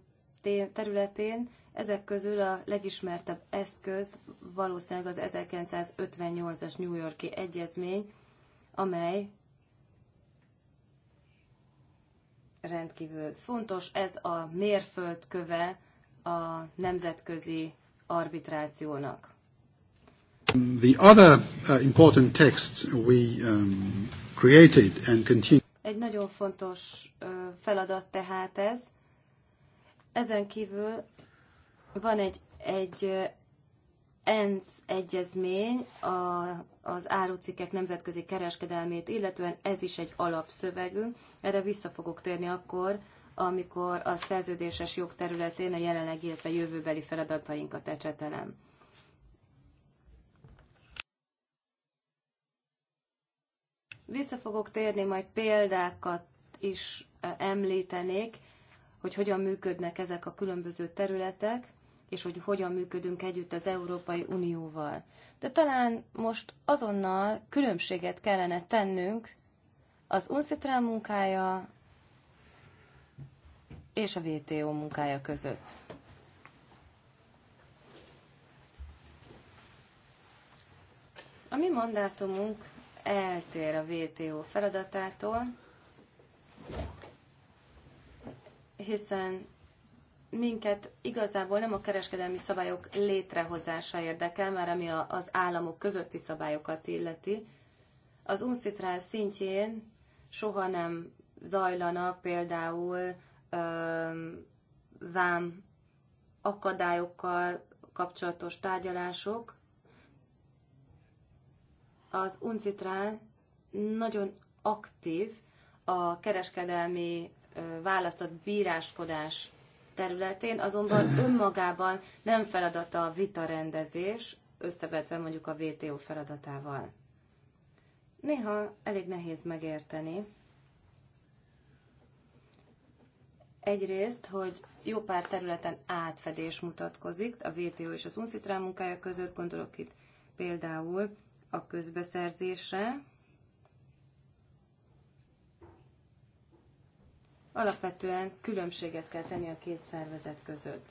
területén, ezek közül a legismertebb eszköz valószínűleg az 1958-as New Yorki egyezmény, amely rendkívül fontos. Ez a mérföldköve a nemzetközi arbitrációnak. The other uh, important text we um, created and continue. Egy nagyon fontos feladat tehát ez. Ezen kívül van egy, egy ENSZ egyezmény a, az árucikkek nemzetközi kereskedelmét, illetően ez is egy alapszövegünk. Erre vissza fogok térni akkor, amikor a szerződéses jog területén a jelenleg, illetve jövőbeli feladatainkat ecsetelem. Vissza fogok térni, majd példákat is e, említenék, hogy hogyan működnek ezek a különböző területek és hogy hogyan működünk együtt az Európai Unióval. De talán most azonnal különbséget kellene tennünk az UNCITRAL munkája és a WTO munkája között. A mi mandátumunk eltér a WTO feladatától, hiszen minket igazából nem a kereskedelmi szabályok létrehozása érdekel, már ami az államok közötti szabályokat illeti. Az UNCITRAL szintjén soha nem zajlanak például vám akadályokkal kapcsolatos tárgyalások. Az UNCITRAL nagyon aktív a kereskedelmi választott bíráskodás területén, azonban önmagában nem feladata a vitarendezés, összevetve mondjuk a VTO feladatával. Néha elég nehéz megérteni. Egyrészt, hogy jó pár területen átfedés mutatkozik a VTO és az UNCITRAL munkája között, gondolok itt például a közbeszerzésre, Alapvetően különbséget kell tenni a két szervezet között.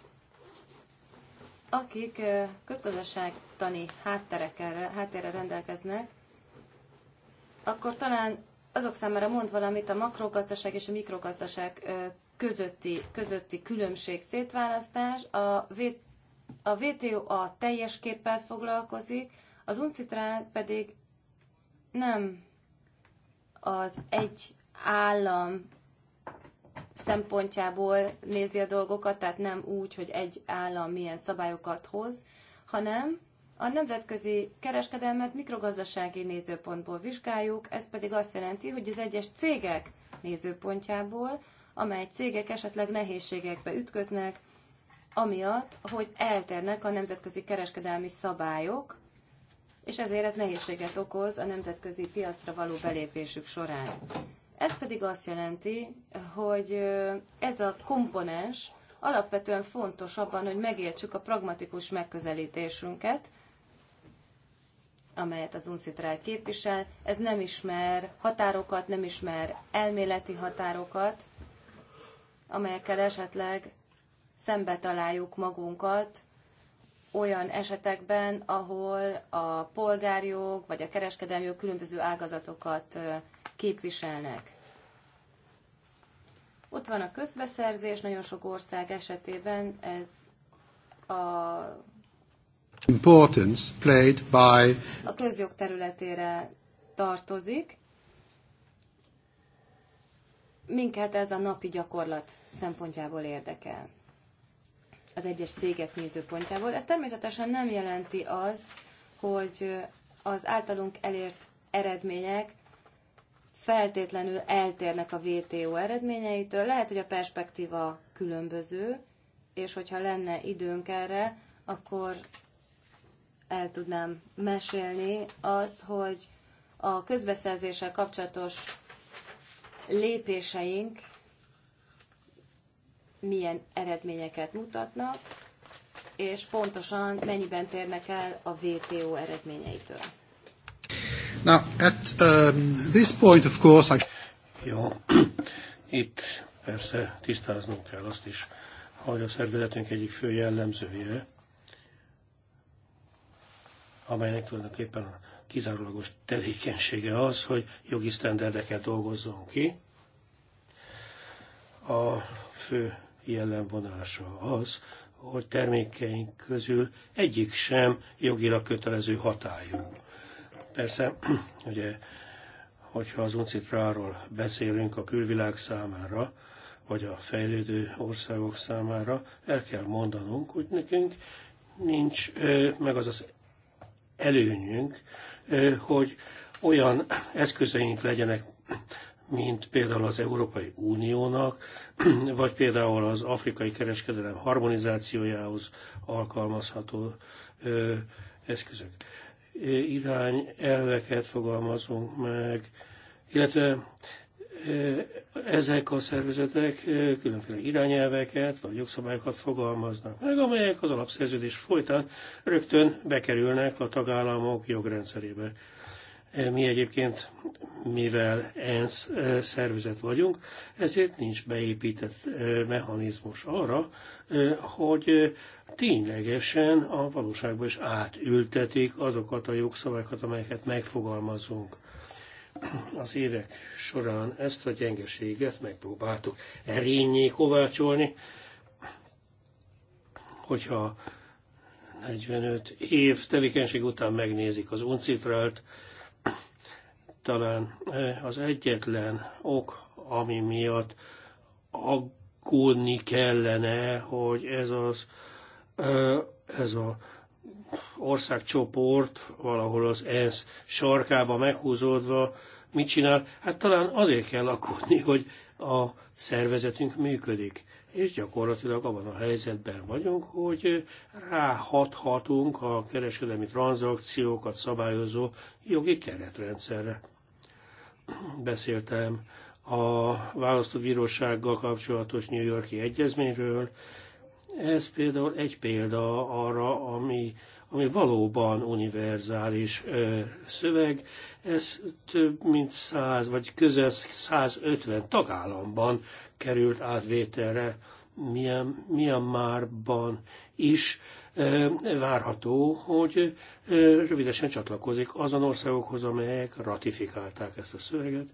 Akik közgazdaságtani háttérre rendelkeznek, akkor talán azok számára mond valamit a makrogazdaság és a mikrogazdaság közötti, közötti különbség szétválasztás. A, v, a VTO a teljes képpel foglalkozik, az UNCITRAL pedig nem az egy állam szempontjából nézi a dolgokat, tehát nem úgy, hogy egy állam milyen szabályokat hoz, hanem a nemzetközi kereskedelmet mikrogazdasági nézőpontból vizsgáljuk, ez pedig azt jelenti, hogy az egyes cégek nézőpontjából, amely cégek esetleg nehézségekbe ütköznek, amiatt, hogy eltérnek a nemzetközi kereskedelmi szabályok, és ezért ez nehézséget okoz a nemzetközi piacra való belépésük során. Ez pedig azt jelenti, hogy ez a komponens alapvetően fontos abban, hogy megértsük a pragmatikus megközelítésünket, amelyet az UNCITRAL képvisel. Ez nem ismer határokat, nem ismer elméleti határokat, amelyekkel esetleg szembe találjuk magunkat olyan esetekben, ahol a polgárjog vagy a kereskedelmi jog különböző ágazatokat képviselnek. Ott van a közbeszerzés, nagyon sok ország esetében ez a importance played by a közjog területére tartozik. Minket ez a napi gyakorlat szempontjából érdekel. Az egyes cégek nézőpontjából. Ez természetesen nem jelenti az, hogy az általunk elért eredmények feltétlenül eltérnek a VTO eredményeitől. Lehet, hogy a perspektíva különböző, és hogyha lenne időnk erre, akkor el tudnám mesélni azt, hogy a közbeszerzéssel kapcsolatos lépéseink milyen eredményeket mutatnak, és pontosan mennyiben térnek el a VTO eredményeitől. Now, at um, this point, of course, I... Jó, itt persze tisztáznunk kell azt is, hogy a szervezetünk egyik fő jellemzője, amelynek tulajdonképpen a kizárólagos tevékenysége az, hogy jogi sztenderdeket dolgozzon ki. A fő jellemvonása az, hogy termékeink közül egyik sem jogilag kötelező hatályú. Persze, ugye, hogyha az uncitráról beszélünk a külvilág számára, vagy a fejlődő országok számára, el kell mondanunk, hogy nekünk nincs meg az az előnyünk, hogy olyan eszközeink legyenek, mint például az Európai Uniónak, vagy például az afrikai kereskedelem harmonizációjához alkalmazható eszközök irány elveket fogalmazunk meg, illetve e, ezek a szervezetek e, különféle irányelveket vagy jogszabályokat fogalmaznak meg, amelyek az alapszerződés folytán rögtön bekerülnek a tagállamok jogrendszerébe. Mi egyébként, mivel ENSZ szervezet vagyunk, ezért nincs beépített mechanizmus arra, hogy ténylegesen a valóságban is átültetik azokat a jogszabályokat, amelyeket megfogalmazunk az évek során ezt a gyengeséget megpróbáltuk erényé kovácsolni, hogyha 45 év tevékenység után megnézik az uncitrált, talán az egyetlen ok, ami miatt aggódni kellene, hogy ez az ez a országcsoport valahol az ENSZ sarkába meghúzódva mit csinál? Hát talán azért kell aggódni, hogy a szervezetünk működik és gyakorlatilag abban a helyzetben vagyunk, hogy ráhathatunk a kereskedelmi tranzakciókat szabályozó jogi keretrendszerre. Beszéltem a választóbírósággal kapcsolatos New Yorki egyezményről. Ez például egy példa arra, ami, ami valóban univerzális ö, szöveg. Ez több mint 100 vagy közel 150 tagállamban került átvételre márban is várható, hogy rövidesen csatlakozik azon országokhoz, amelyek ratifikálták ezt a szöveget.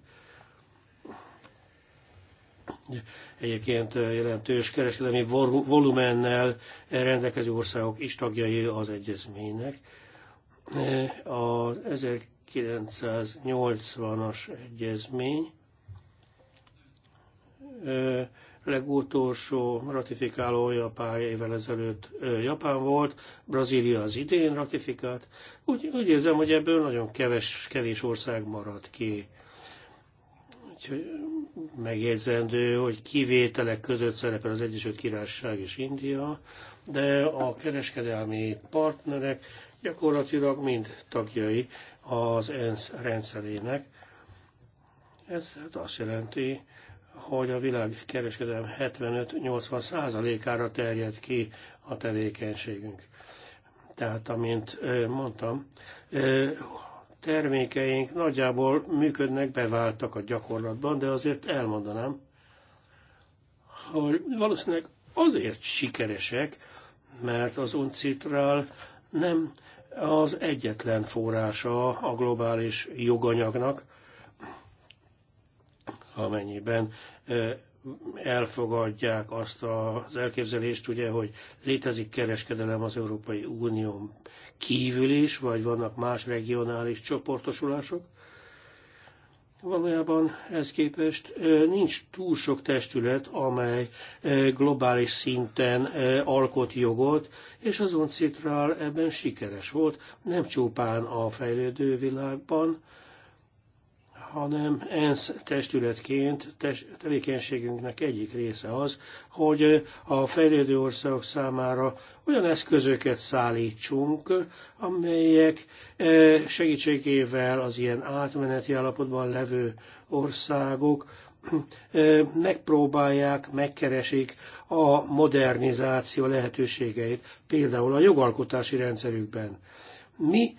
Egyébként jelentős kereskedelmi volumennel rendelkező országok is tagjai az egyezménynek. A 1980-as egyezmény legutolsó ratifikálója pár évvel ezelőtt Japán volt, Brazília az idén ratifikált. Úgy, úgy érzem, hogy ebből nagyon keves, kevés ország maradt ki. Úgyhogy megjegyzendő, hogy kivételek között szerepel az Egyesült Királyság és India, de a kereskedelmi partnerek gyakorlatilag mind tagjai az ENSZ rendszerének. Ez hát azt jelenti, hogy a világ kereskedelem 75-80 százalékára terjed ki a tevékenységünk. Tehát, amint mondtam, termékeink nagyjából működnek, beváltak a gyakorlatban, de azért elmondanám, hogy valószínűleg azért sikeresek, mert az uncitrál nem az egyetlen forrása a globális joganyagnak, amennyiben elfogadják azt az elképzelést, ugye, hogy létezik kereskedelem az Európai Unión kívül is, vagy vannak más regionális csoportosulások. Valójában ez képest nincs túl sok testület, amely globális szinten alkot jogot, és azon citrál ebben sikeres volt, nem csupán a fejlődő világban, hanem ENSZ testületként tevékenységünknek egyik része az, hogy a fejlődő országok számára olyan eszközöket szállítsunk, amelyek e, segítségével az ilyen átmeneti állapotban levő országok e, megpróbálják, megkeresik a modernizáció lehetőségeit, például a jogalkotási rendszerükben. Mi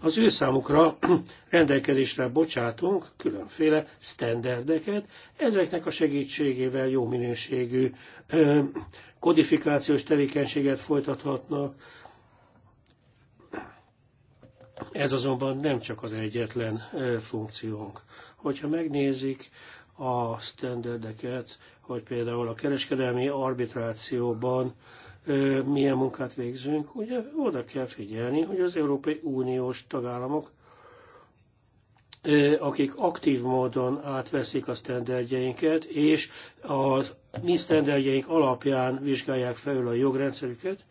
az ő számukra rendelkezésre bocsátunk különféle standardeket, ezeknek a segítségével jó minőségű kodifikációs tevékenységet folytathatnak. Ez azonban nem csak az egyetlen funkciónk. Hogyha megnézik a standardeket, hogy például a kereskedelmi arbitrációban milyen munkát végzünk, ugye oda kell figyelni, hogy az Európai Uniós tagállamok, akik aktív módon átveszik a sztenderdjeinket, és a mi sztenderdjeink alapján vizsgálják felül a jogrendszerüket,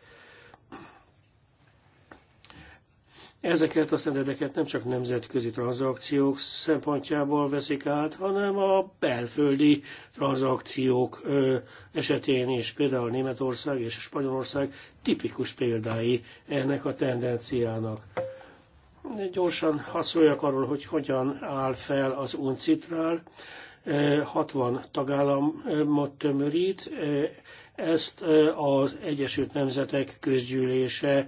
Ezeket a szendedeket nem csak nemzetközi tranzakciók szempontjából veszik át, hanem a belföldi tranzakciók esetén is, például Németország és Spanyolország tipikus példái ennek a tendenciának. Gyorsan hadd arról, hogy hogyan áll fel az UNCITRAL. 60 tagállamot tömörít, ezt az Egyesült Nemzetek közgyűlése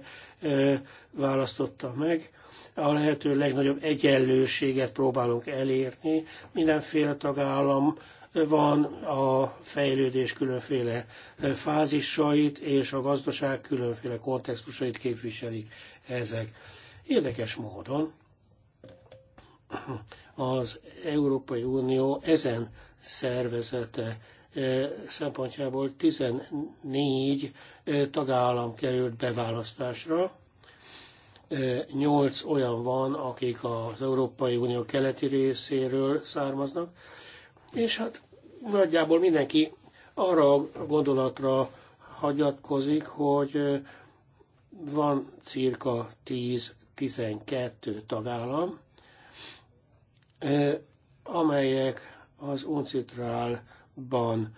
választotta meg. A lehető legnagyobb egyenlőséget próbálunk elérni. Mindenféle tagállam van a fejlődés különféle fázisait, és a gazdaság különféle kontextusait képviselik ezek. Érdekes módon az Európai Unió ezen szervezete szempontjából 14 tagállam került beválasztásra. 8 olyan van, akik az Európai Unió keleti részéről származnak, és hát nagyjából mindenki arra a gondolatra hagyatkozik, hogy van cirka 10-12 tagállam, amelyek az uncitrál ban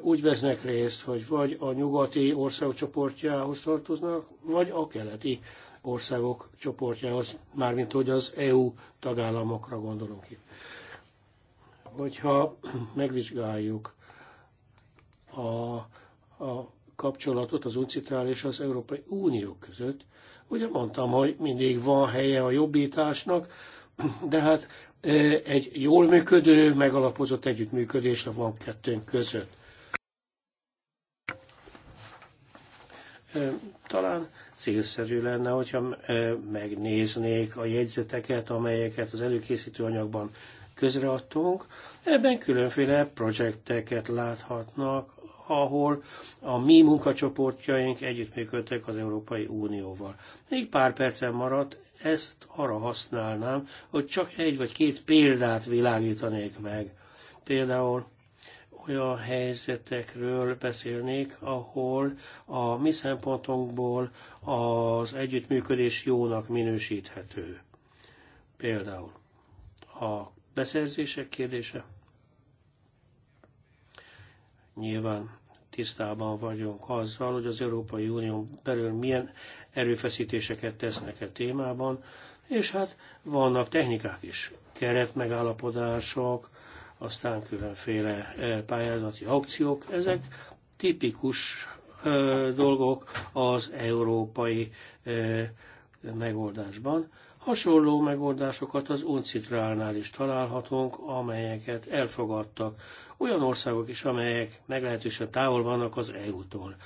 úgy vesznek részt, hogy vagy a nyugati országok csoportjához tartoznak, vagy a keleti országok csoportjához, mármint hogy az EU tagállamokra gondolunk itt. Hogyha megvizsgáljuk a, a kapcsolatot az UNCITRÁL és az Európai Unió között, ugye mondtam, hogy mindig van helye a jobbításnak, de hát egy jól működő, megalapozott együttműködésre van kettőnk között. Talán célszerű lenne, hogyha megnéznék a jegyzeteket, amelyeket az előkészítő anyagban közreadtunk. Ebben különféle projekteket láthatnak, ahol a mi munkacsoportjaink együttműködtek az Európai Unióval. Még pár percen maradt, ezt arra használnám, hogy csak egy vagy két példát világítanék meg. Például olyan helyzetekről beszélnék, ahol a mi szempontunkból az együttműködés jónak minősíthető. Például a beszerzések kérdése. Nyilván tisztában vagyunk azzal, hogy az Európai Unió belül milyen erőfeszítéseket tesznek a e témában, és hát vannak technikák is, keretmegállapodások, aztán különféle e, pályázati akciók ezek tipikus e, dolgok az európai megoldásban. Hasonló megoldásokat az uncitrálnál is találhatunk, amelyeket elfogadtak olyan országok is, amelyek meglehetősen távol vannak az EU-tól.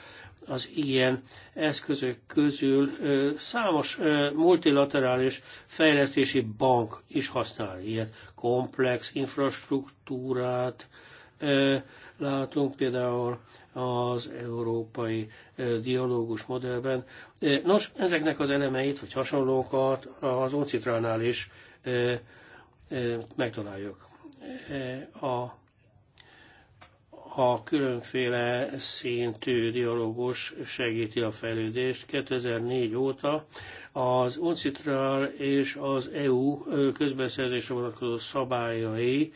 Az ilyen eszközök közül ö, számos ö, multilaterális fejlesztési bank is használ ilyet, komplex infrastruktúrát, ö, látunk például az Euró európai dialógus modellben. Nos, ezeknek az elemeit, vagy hasonlókat az Oncitránál is megtaláljuk. A a különféle szintű dialógus segíti a fejlődést. 2004 óta az UNCITRAL és az EU közbeszerzésre vonatkozó szabályai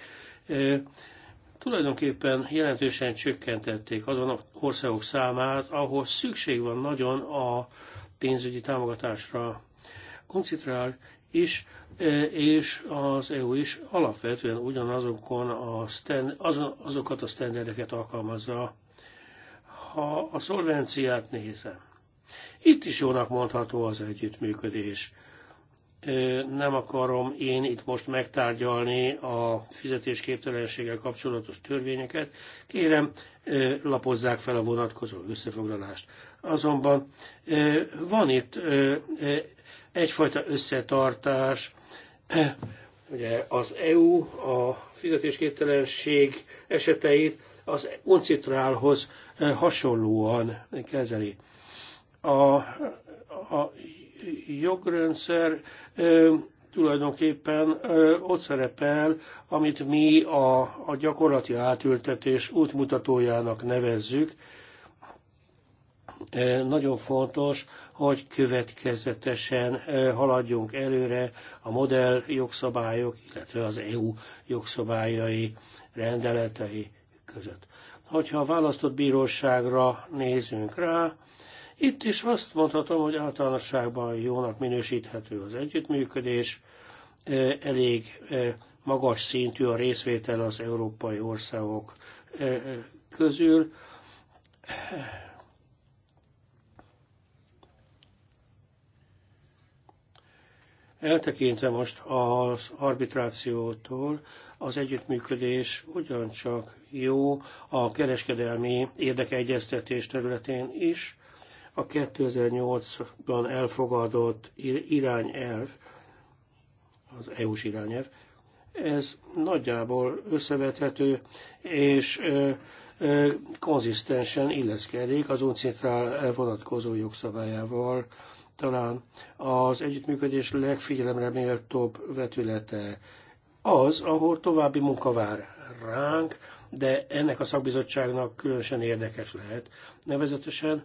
tulajdonképpen jelentősen csökkentették azon országok számát, ahol szükség van nagyon a pénzügyi támogatásra. Koncentrál is, e, és az EU is alapvetően ugyanazokon a stand, azon, azokat a standardeket alkalmazza, ha a szolvenciát nézem. Itt is jónak mondható az együttműködés nem akarom én itt most megtárgyalni a fizetésképtelenséggel kapcsolatos törvényeket. Kérem, lapozzák fel a vonatkozó összefoglalást. Azonban van itt egyfajta összetartás, ugye az EU a fizetésképtelenség eseteit az uncitrálhoz hasonlóan kezeli. A, a jogrendszer tulajdonképpen ott szerepel, amit mi a, a gyakorlati átültetés útmutatójának nevezzük. Nagyon fontos, hogy következetesen haladjunk előre a modell jogszabályok, illetve az EU jogszabályai, rendeletei között. Hogyha a választott bíróságra nézünk rá, itt is azt mondhatom, hogy általánosságban jónak minősíthető az együttműködés, elég magas szintű a részvétel az európai országok közül. Eltekintve most az arbitrációtól, az együttműködés ugyancsak jó a kereskedelmi érdekeegyeztetés területén is, a 2008-ban elfogadott irányelv, az EU-s irányelv, ez nagyjából összevethető, és konzisztensen illeszkedik az UNCITRÁL vonatkozó jogszabályával. Talán az együttműködés legfigyelemre méltóbb vetülete az, ahol további munka vár ránk, de ennek a szakbizottságnak különösen érdekes lehet. Nevezetesen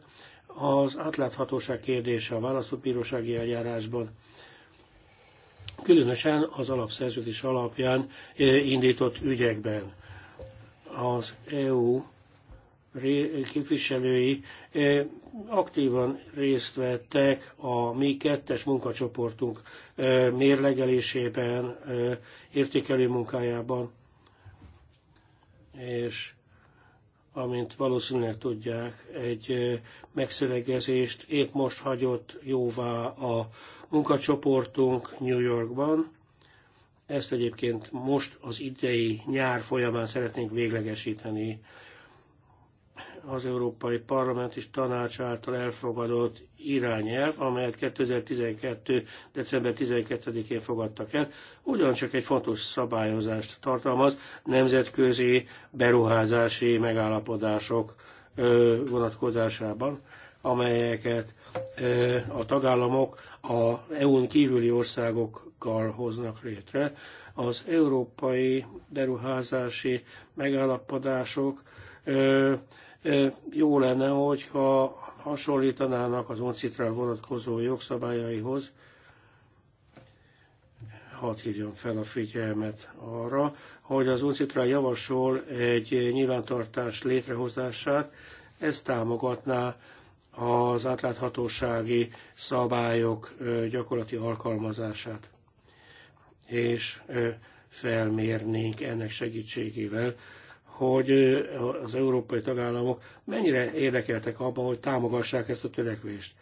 az átláthatóság kérdése a választóbírósági eljárásban, különösen az alapszerződés alapján eh, indított ügyekben. Az EU képviselői eh, aktívan részt vettek a mi kettes munkacsoportunk eh, mérlegelésében, értékelő munkájában, és amint valószínűleg tudják, egy megszövegezést épp most hagyott jóvá a munkacsoportunk New Yorkban. Ezt egyébként most az idei nyár folyamán szeretnénk véglegesíteni az Európai Parlament és Tanács által elfogadott irányelv, amelyet 2012. december 12-én fogadtak el, ugyancsak egy fontos szabályozást tartalmaz nemzetközi beruházási megállapodások vonatkozásában, amelyeket a tagállamok a EU-n kívüli országokkal hoznak létre. Az európai beruházási megállapodások jó lenne, hogyha hasonlítanának az oncitra vonatkozó jogszabályaihoz, hadd hívjam fel a figyelmet arra, hogy az UNCITRA javasol egy nyilvántartás létrehozását, ez támogatná az átláthatósági szabályok gyakorlati alkalmazását. És felmérnénk ennek segítségével hogy az európai tagállamok mennyire érdekeltek abban, hogy támogassák ezt a törekvést.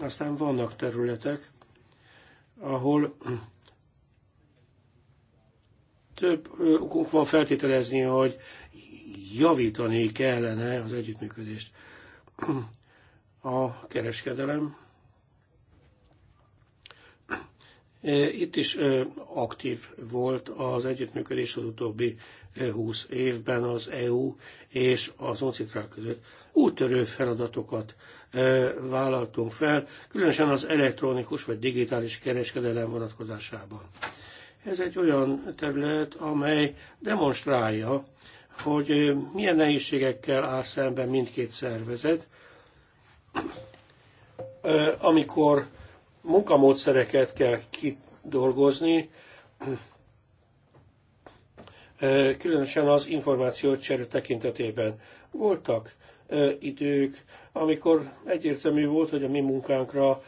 Aztán vannak területek, ahol több okunk van feltételezni, hogy javítani kellene az együttműködést. A kereskedelem E, itt is aktív volt az együttműködés az utóbbi 20 évben az EU és az oncitrál között. Úttörő feladatokat vállaltunk fel, különösen az elektronikus vagy digitális kereskedelem vonatkozásában. Ez egy olyan terület, amely demonstrálja, hogy milyen nehézségekkel áll szemben mindkét szervezet, amikor munkamódszereket kell kidolgozni, különösen az információcsere tekintetében. Voltak idők, amikor egyértelmű volt, hogy a mi munkánkra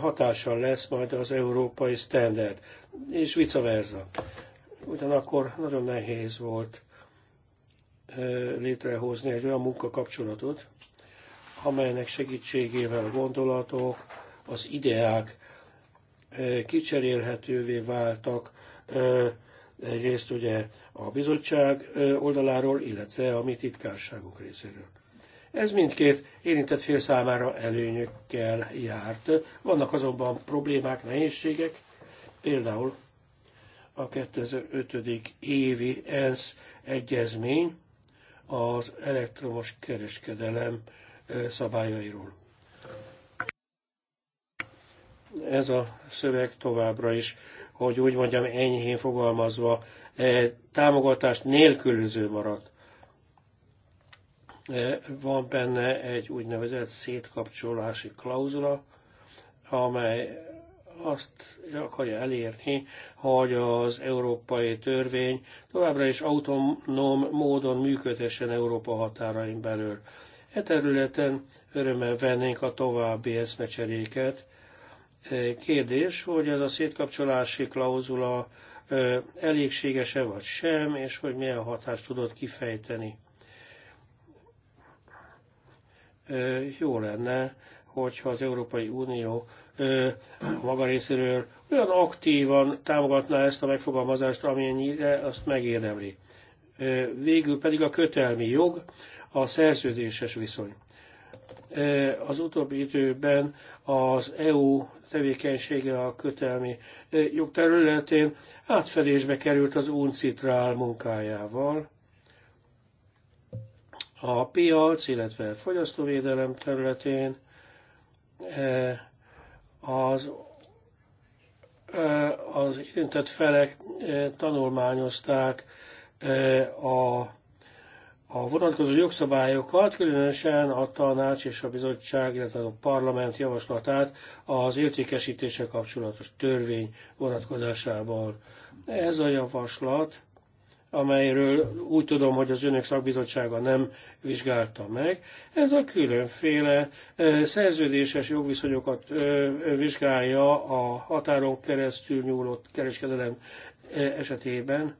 hatással lesz majd az európai standard, és vice versa. Ugyanakkor nagyon nehéz volt létrehozni egy olyan munkakapcsolatot, amelynek segítségével a gondolatok, az ideák kicserélhetővé váltak, egyrészt ugye a bizottság oldaláról, illetve a mi titkárságunk részéről. Ez mindkét érintett fél számára előnyökkel járt. Vannak azonban problémák, nehézségek, például a 2005. évi ENSZ egyezmény az elektromos kereskedelem szabályairól ez a szöveg továbbra is, hogy úgy mondjam, enyhén fogalmazva, e, támogatást nélkülöző maradt. E, van benne egy úgynevezett szétkapcsolási klauzula, amely azt akarja elérni, hogy az európai törvény továbbra is autonóm módon működhessen Európa határain belül. E területen örömmel vennénk a további eszmecseréket, Kérdés, hogy ez a szétkapcsolási klauzula elégséges-e vagy sem, és hogy milyen hatást tudott kifejteni. Jó lenne, hogyha az Európai Unió maga részéről olyan aktívan támogatná ezt a megfogalmazást, amennyire azt megérdemli. Végül pedig a kötelmi jog, a szerződéses viszony. Eh, az utóbbi időben az EU tevékenysége a kötelmi eh, jogterületén átfedésbe került az UNCITRAL munkájával. A piac, illetve a fogyasztóvédelem területén eh, az az érintett felek tanulmányozták a a vonatkozó jogszabályokat, különösen a tanács és a bizottság, illetve a parlament javaslatát az értékesítése kapcsolatos törvény vonatkozásában. Ez a javaslat, amelyről úgy tudom, hogy az önök szakbizottsága nem vizsgálta meg, ez a különféle szerződéses jogviszonyokat vizsgálja a határon keresztül nyúlott kereskedelem esetében,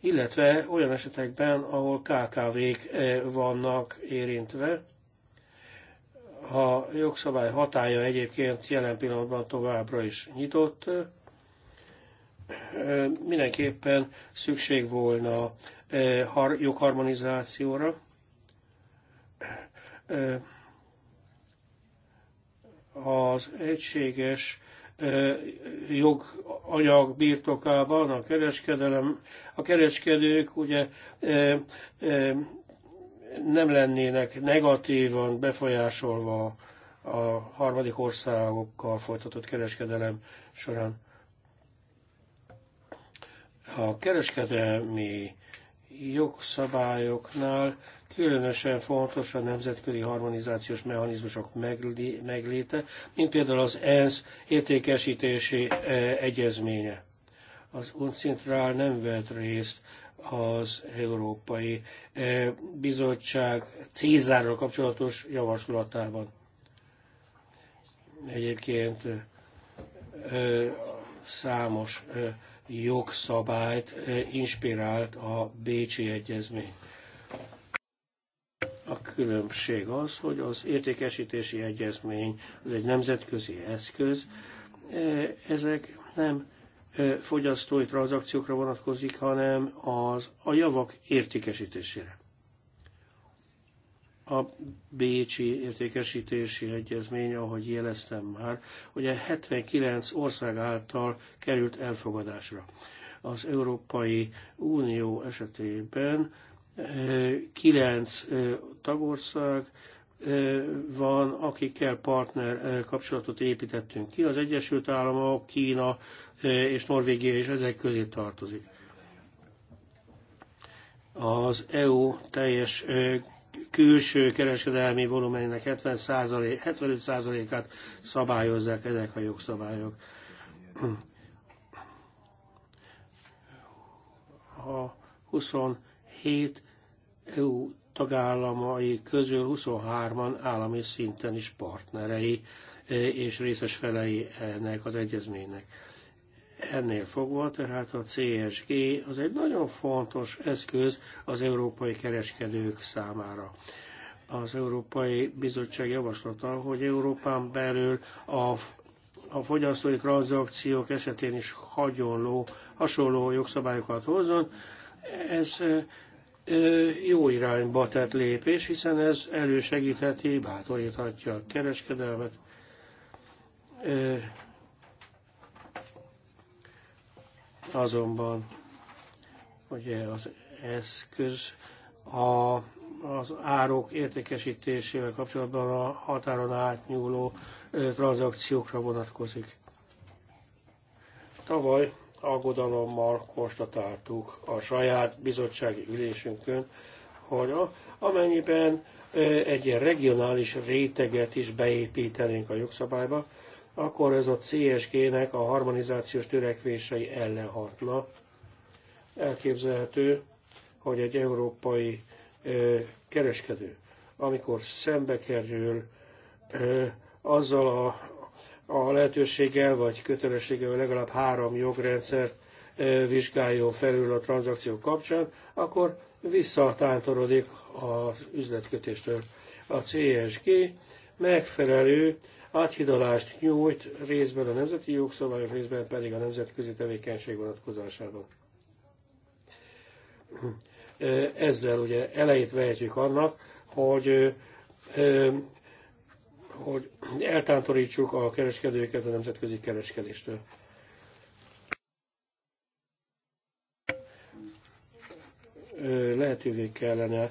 illetve olyan esetekben, ahol KKV-k eh, vannak érintve. A jogszabály hatája egyébként jelen pillanatban továbbra is nyitott. Eh, mindenképpen szükség volna eh, jogharmonizációra az egységes joganyag birtokában a kereskedelem, a kereskedők ugye nem lennének negatívan befolyásolva a harmadik országokkal folytatott kereskedelem során. A kereskedelmi jogszabályoknál Különösen fontos a nemzetközi harmonizációs mechanizmusok megléte, mint például az ENSZ értékesítési e, egyezménye. Az UNCINTRAL nem vett részt az Európai e, Bizottság Cézárral kapcsolatos javaslatában. Egyébként e, számos jogszabályt inspirált a Bécsi Egyezmény. A különbség az, hogy az értékesítési egyezmény az egy nemzetközi eszköz, e, ezek nem e, fogyasztói tranzakciókra vonatkozik, hanem az, a javak értékesítésére. A Bécsi értékesítési egyezmény, ahogy jeleztem már, ugye 79 ország által került elfogadásra. Az Európai Unió esetében kilenc tagország van, akikkel partner kapcsolatot építettünk ki. Az Egyesült Államok, Kína és Norvégia is ezek közé tartozik. Az EU teljes külső kereskedelmi volumenének 75%-át szabályozzák ezek a jogszabályok. Ha 20 7 EU tagállamai közül 23-an állami szinten is partnerei e, és részes felei ennek az egyezménynek. Ennél fogva tehát a CSG az egy nagyon fontos eszköz az európai kereskedők számára. Az Európai Bizottság javaslata, hogy Európán belül a a fogyasztói tranzakciók esetén is hagyonló, hasonló jogszabályokat hozzon. Ez jó irányba tett lépés, hiszen ez elősegítheti, bátoríthatja a kereskedelmet. Azonban ugye az eszköz a, az árok értékesítésével kapcsolatban a határon átnyúló tranzakciókra vonatkozik. Tavaly aggodalommal konstatáltuk a saját bizottsági ülésünkön, hogy amennyiben egy ilyen regionális réteget is beépítenénk a jogszabályba, akkor ez a CSG-nek a harmonizációs törekvései ellen hatna. Elképzelhető, hogy egy európai kereskedő, amikor szembe kerül azzal a a lehetőséggel vagy kötelességgel legalább három jogrendszert vizsgáljon felül a tranzakció kapcsán, akkor visszatántorodik az üzletkötéstől. A CSG megfelelő áthidalást nyújt részben a nemzeti jogszabályok, részben pedig a nemzetközi tevékenység vonatkozásában. Ezzel ugye elejét vehetjük annak, hogy hogy eltántorítsuk a kereskedőket a nemzetközi kereskedéstől. Lehetővé kellene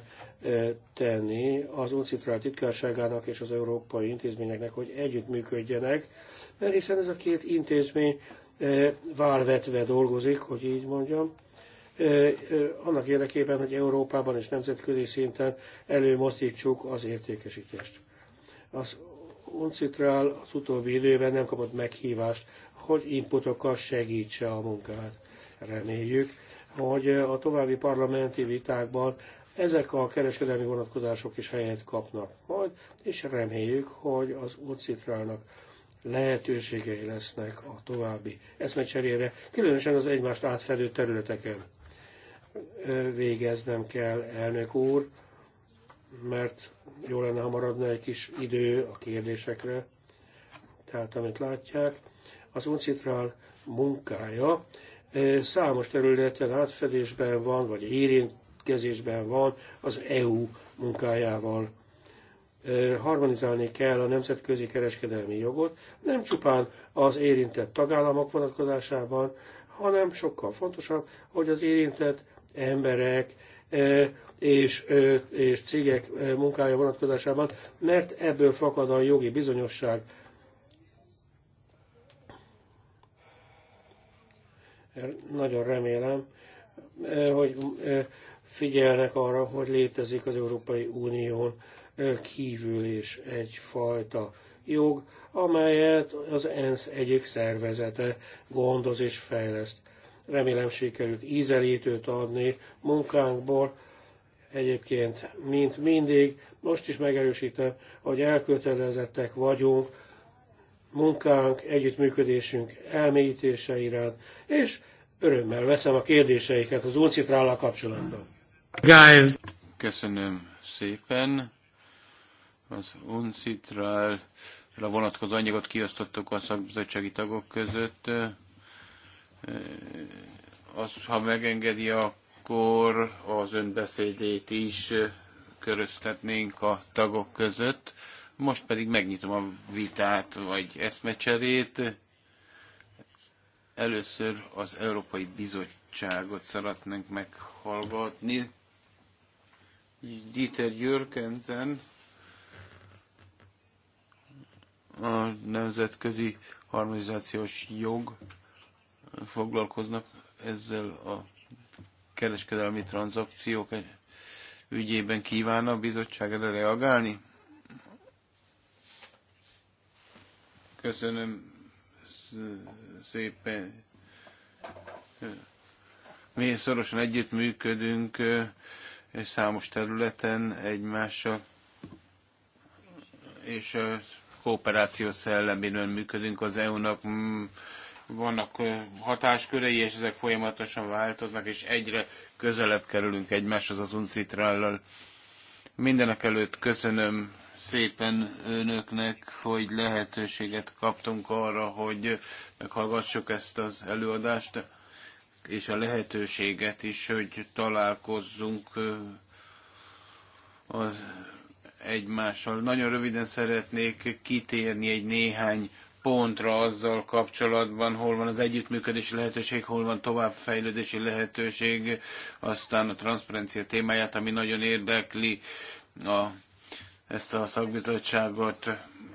tenni az UNCITRAL titkárságának és az európai intézményeknek, hogy együttműködjenek, mert hiszen ez a két intézmény válvetve dolgozik, hogy így mondjam, annak érdekében, hogy Európában és nemzetközi szinten előmozdítsuk az értékesítést. Az Uncitrál az utóbbi időben nem kapott meghívást, hogy inputokkal segítse a munkát. Reméljük, hogy a további parlamenti vitákban ezek a kereskedelmi vonatkozások is helyet kapnak majd, és reméljük, hogy az Uncitrálnak lehetőségei lesznek a további eszmecserére, különösen az egymást átfedő területeken végeznem kell, elnök úr mert jó lenne, ha maradna egy kis idő a kérdésekre. Tehát, amit látják, az uncitrál munkája számos területen átfedésben van, vagy érintkezésben van az EU munkájával. Harmonizálni kell a nemzetközi kereskedelmi jogot, nem csupán az érintett tagállamok vonatkozásában, hanem sokkal fontosabb, hogy az érintett emberek és, és cégek munkája vonatkozásában, mert ebből fakad a jogi bizonyosság. Nagyon remélem, hogy figyelnek arra, hogy létezik az Európai Unión kívül is egyfajta jog, amelyet az ENSZ egyik szervezete gondoz és fejleszt. Remélem sikerült ízelítőt adni munkánkból. Egyébként, mint mindig, most is megerősítem, hogy elkötelezettek vagyunk munkánk, együttműködésünk elmélyítése iránt, és örömmel veszem a kérdéseiket az uncitrállal kapcsolatban. Geil. Köszönöm szépen. Az a vonatkozó anyagot kiosztottuk a szakbizottsági tagok között az, ha megengedi, akkor az önbeszédét is köröztetnénk a tagok között. Most pedig megnyitom a vitát, vagy eszmecserét. Először az Európai Bizottságot szeretnénk meghallgatni. Dieter Jörgensen, a Nemzetközi Harmonizációs Jog foglalkoznak ezzel a kereskedelmi tranzakciók ügyében kíván a bizottság erre reagálni? Köszönöm szépen. Mi szorosan együttműködünk eh, számos területen egymással, és kooperáció szellemében működünk az EU-nak vannak hatáskörei, és ezek folyamatosan változnak, és egyre közelebb kerülünk egymáshoz az uncitrállal. Mindenek előtt köszönöm szépen önöknek, hogy lehetőséget kaptunk arra, hogy meghallgassuk ezt az előadást, és a lehetőséget is, hogy találkozzunk az egymással. Nagyon röviden szeretnék kitérni egy néhány pontra azzal kapcsolatban, hol van az együttműködési lehetőség, hol van továbbfejlődési lehetőség, aztán a transzparencia témáját, ami nagyon érdekli a, ezt a szakbizottságot.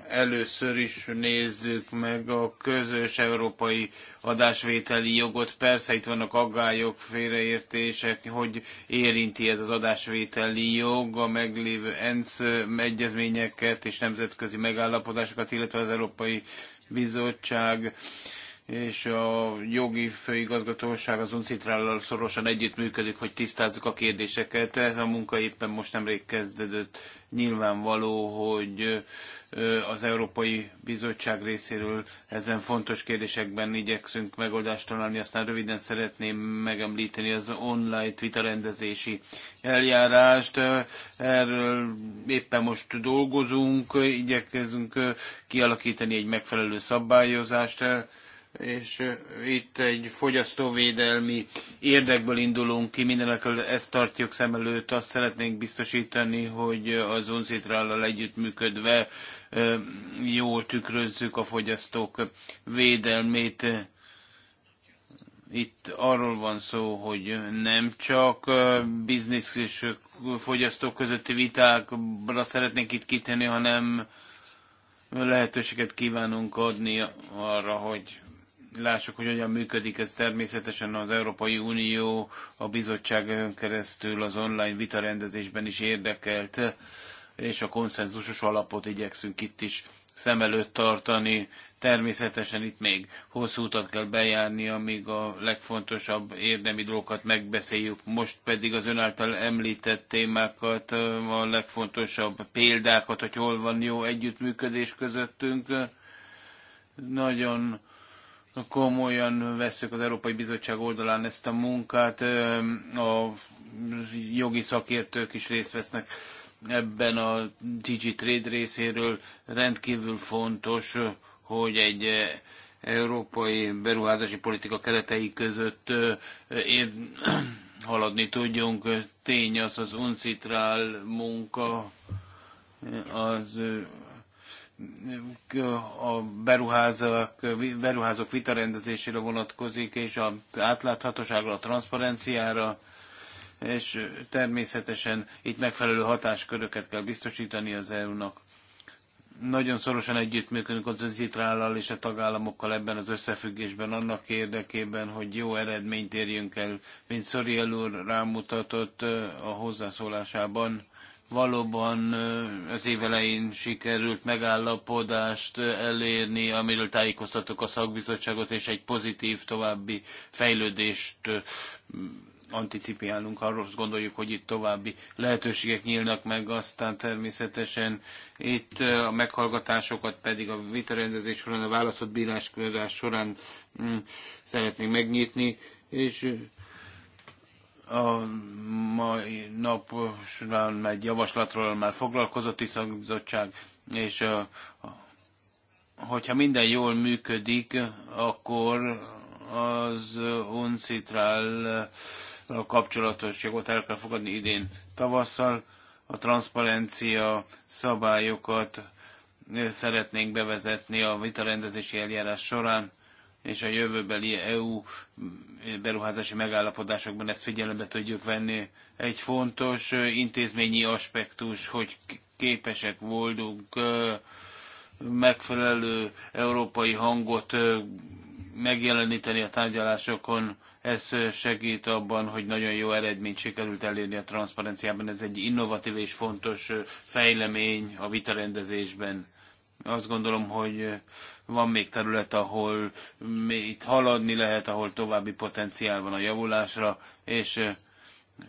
Először is nézzük meg a közös európai adásvételi jogot. Persze itt vannak aggályok, félreértések, hogy érinti ez az adásvételi jog a meglévő ENSZ egyezményeket és nemzetközi megállapodásokat, illetve az európai bizottság és a jogi főigazgatóság az Uncitrállal szorosan együttműködik, hogy tisztázzuk a kérdéseket. A munka éppen most nemrég kezdődött. Nyilvánvaló, hogy az Európai Bizottság részéről ezen fontos kérdésekben igyekszünk megoldást találni. Aztán röviden szeretném megemlíteni az online rendezési eljárást. Erről éppen most dolgozunk, igyekezünk kialakítani egy megfelelő szabályozást és itt egy fogyasztóvédelmi érdekből indulunk ki, mindenekről ezt tartjuk szem előtt, azt szeretnénk biztosítani, hogy az unzitrállal együttműködve jól tükrözzük a fogyasztók védelmét. Itt arról van szó, hogy nem csak biznisz és fogyasztók közötti vitákra szeretnénk itt kitenni, hanem lehetőséget kívánunk adni arra, hogy lássuk, hogy hogyan működik ez természetesen az Európai Unió a bizottság keresztül az online vitarendezésben is érdekelt, és a konszenzusos alapot igyekszünk itt is szem előtt tartani. Természetesen itt még hosszú utat kell bejárni, amíg a legfontosabb érdemi dolgokat megbeszéljük. Most pedig az ön által említett témákat, a legfontosabb példákat, hogy hol van jó együttműködés közöttünk. Nagyon komolyan veszük az Európai Bizottság oldalán ezt a munkát, a jogi szakértők is részt vesznek ebben a DigiTrade részéről. Rendkívül fontos, hogy egy európai beruházási politika keretei között haladni tudjunk. Tény az az uncitrál munka, az a beruházók, beruházók vitarendezésére vonatkozik, és az átláthatóságra, a transzparenciára, és természetesen itt megfelelő hatásköröket kell biztosítani az EU-nak. Nagyon szorosan együttműködünk az Zitrállal és a tagállamokkal ebben az összefüggésben, annak érdekében, hogy jó eredményt érjünk el, mint Szoriel úr rámutatott a hozzászólásában valóban az évelején sikerült megállapodást elérni, amiről tájékoztatok a szakbizottságot, és egy pozitív további fejlődést anticipálunk, arról gondoljuk, hogy itt további lehetőségek nyílnak meg, aztán természetesen itt a meghallgatásokat pedig a vitarendezés során, a válaszott bíráskodás során mm, szeretnénk megnyitni, és a mai nap során egy javaslatról már foglalkozott is a bizottság, és a, hogyha minden jól működik, akkor az uncitrál kapcsolatos jogot el kell fogadni idén tavasszal. A transzparencia szabályokat szeretnénk bevezetni a vitarendezési eljárás során és a jövőbeli EU mm, beruházási megállapodásokban ezt figyelembe tudjuk venni. Egy fontos intézményi aspektus, hogy képesek voltunk megfelelő európai hangot megjeleníteni a tárgyalásokon, ez segít abban, hogy nagyon jó eredményt sikerült elérni a transzparenciában. Ez egy innovatív és fontos fejlemény a vitarendezésben. Azt gondolom, hogy eh, van még terület, ahol mm, itt haladni lehet, ahol további potenciál van a javulásra, és eh,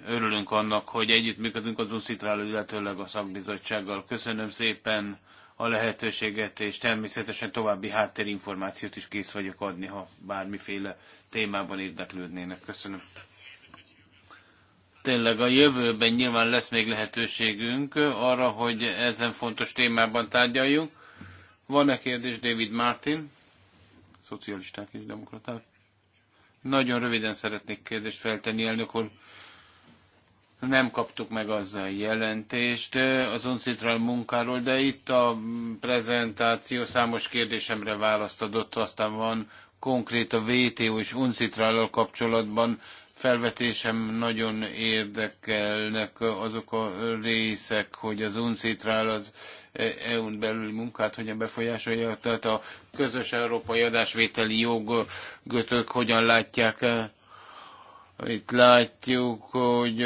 örülünk annak, hogy együttműködünk az UNCITRÁL, illetőleg a szakbizottsággal. Köszönöm szépen a lehetőséget, és természetesen további háttérinformációt is kész vagyok adni, ha bármiféle témában érdeklődnének. Köszönöm. Tényleg a jövőben nyilván lesz még lehetőségünk arra, hogy ezen fontos témában tárgyaljunk. Van-e kérdés David Martin? Szocialisták és demokraták. Nagyon röviden szeretnék kérdést feltenni, elnök úr. Nem kaptuk meg az a jelentést az uncitral munkáról, de itt a prezentáció számos kérdésemre választ adott, aztán van konkrét a VTO és uncitrállal kapcsolatban felvetésem nagyon érdekelnek azok a részek, hogy az UNCITRAL az EU-n belüli munkát hogyan befolyásolja, tehát a közös európai adásvételi jogötök hogyan látják. Itt látjuk, hogy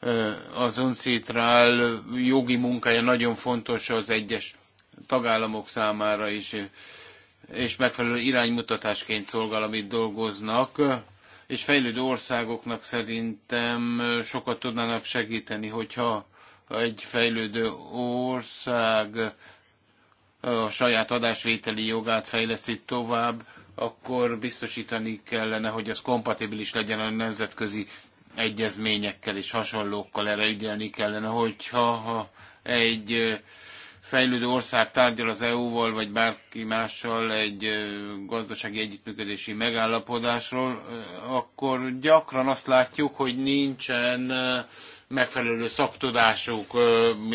e, az UNCITRAL jogi munkája nagyon fontos az egyes tagállamok számára is, és megfelelő iránymutatásként szolgál, amit dolgoznak és fejlődő országoknak szerintem sokat tudnának segíteni, hogyha egy fejlődő ország a saját adásvételi jogát fejleszti tovább, akkor biztosítani kellene, hogy az kompatibilis legyen a nemzetközi egyezményekkel és hasonlókkal erre ügyelni kellene, hogyha egy fejlődő ország tárgyal az EU-val, vagy bárki mással egy gazdasági együttműködési megállapodásról, akkor gyakran azt látjuk, hogy nincsen megfelelő szaktudásuk,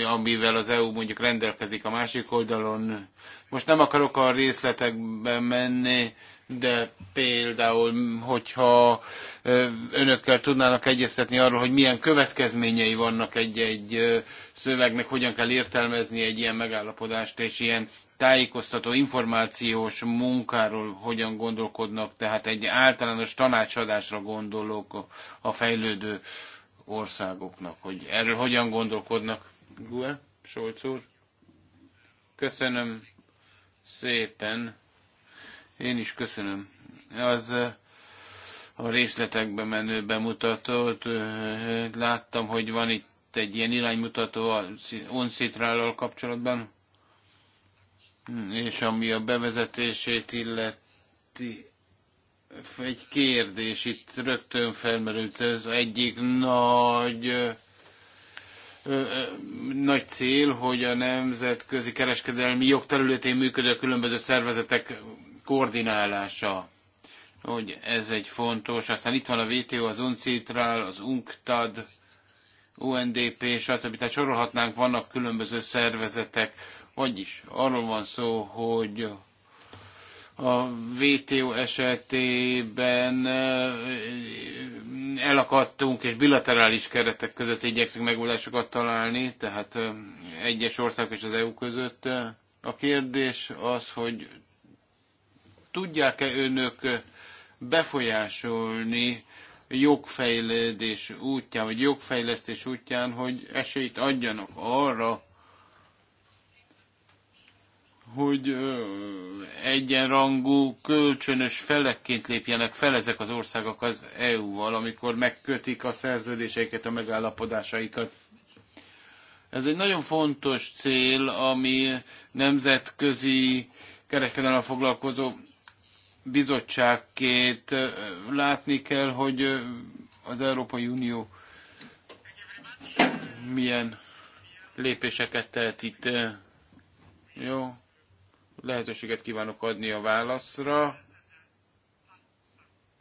amivel az EU mondjuk rendelkezik a másik oldalon. Most nem akarok a részletekbe menni, de például, hogyha önökkel tudnának egyeztetni arról, hogy milyen következményei vannak egy-egy szövegnek, hogyan kell értelmezni egy ilyen megállapodást, és ilyen tájékoztató információs munkáról hogyan gondolkodnak, tehát egy általános tanácsadásra gondolok a fejlődő országoknak, hogy erről hogyan gondolkodnak. Gue, Solc úr, köszönöm szépen. Én is köszönöm. Az eh, a részletekbe menő bemutatót eh, láttam, hogy van itt egy ilyen iránymutató a onszitrállal kapcsolatban, hmm, és ami a bevezetését illeti, egy kérdés itt rögtön felmerült. Ez egyik nagy nagy cél, hogy a nemzetközi kereskedelmi jogterületén működő különböző szervezetek koordinálása. Hogy ez egy fontos. Aztán itt van a WTO, az UNCITRAL, az UNCTAD, UNDP, stb. Tehát sorolhatnánk, vannak különböző szervezetek. Vagyis arról van szó, hogy a VTO esetében elakadtunk, és bilaterális keretek között igyekszünk megoldásokat találni, tehát egyes ország és az EU között. A kérdés az, hogy tudják-e önök befolyásolni jogfejlődés útján, vagy jogfejlesztés útján, hogy esélyt adjanak arra, hogy egyenrangú kölcsönös felekként lépjenek fel ezek az országok az EU-val, amikor megkötik a szerződéseiket, a megállapodásaikat. Ez egy nagyon fontos cél, ami nemzetközi kereskedelemmel foglalkozó bizottságként látni kell, hogy az Európai Unió milyen lépéseket tehet itt. Jó, lehetőséget kívánok adni a válaszra.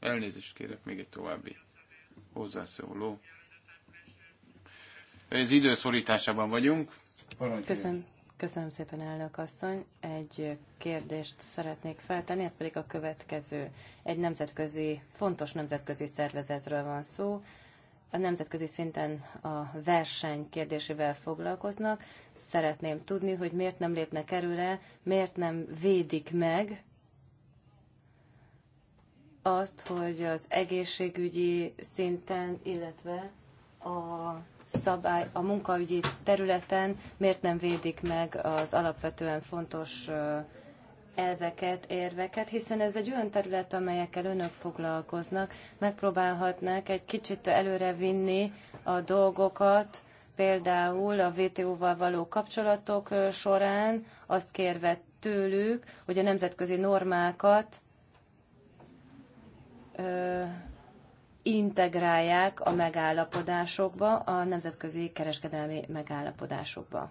Elnézést kérek, még egy további hozzászóló. Ez időszorításában vagyunk. Köszönöm. Köszönöm szépen, elnök asszony. Egy kérdést szeretnék feltenni, ez pedig a következő. Egy nemzetközi, fontos nemzetközi szervezetről van szó, a nemzetközi szinten a verseny kérdésével foglalkoznak. Szeretném tudni, hogy miért nem lépnek erőre, miért nem védik meg azt, hogy az egészségügyi szinten, illetve a szabály, a munkaügyi területen miért nem védik meg az alapvetően fontos elveket, érveket, hiszen ez egy olyan terület, amelyekkel önök foglalkoznak, megpróbálhatnák egy kicsit előre vinni a dolgokat, például a WTO-val való kapcsolatok során azt kérve tőlük, hogy a nemzetközi normákat ö, integrálják a megállapodásokba, a nemzetközi kereskedelmi megállapodásokba.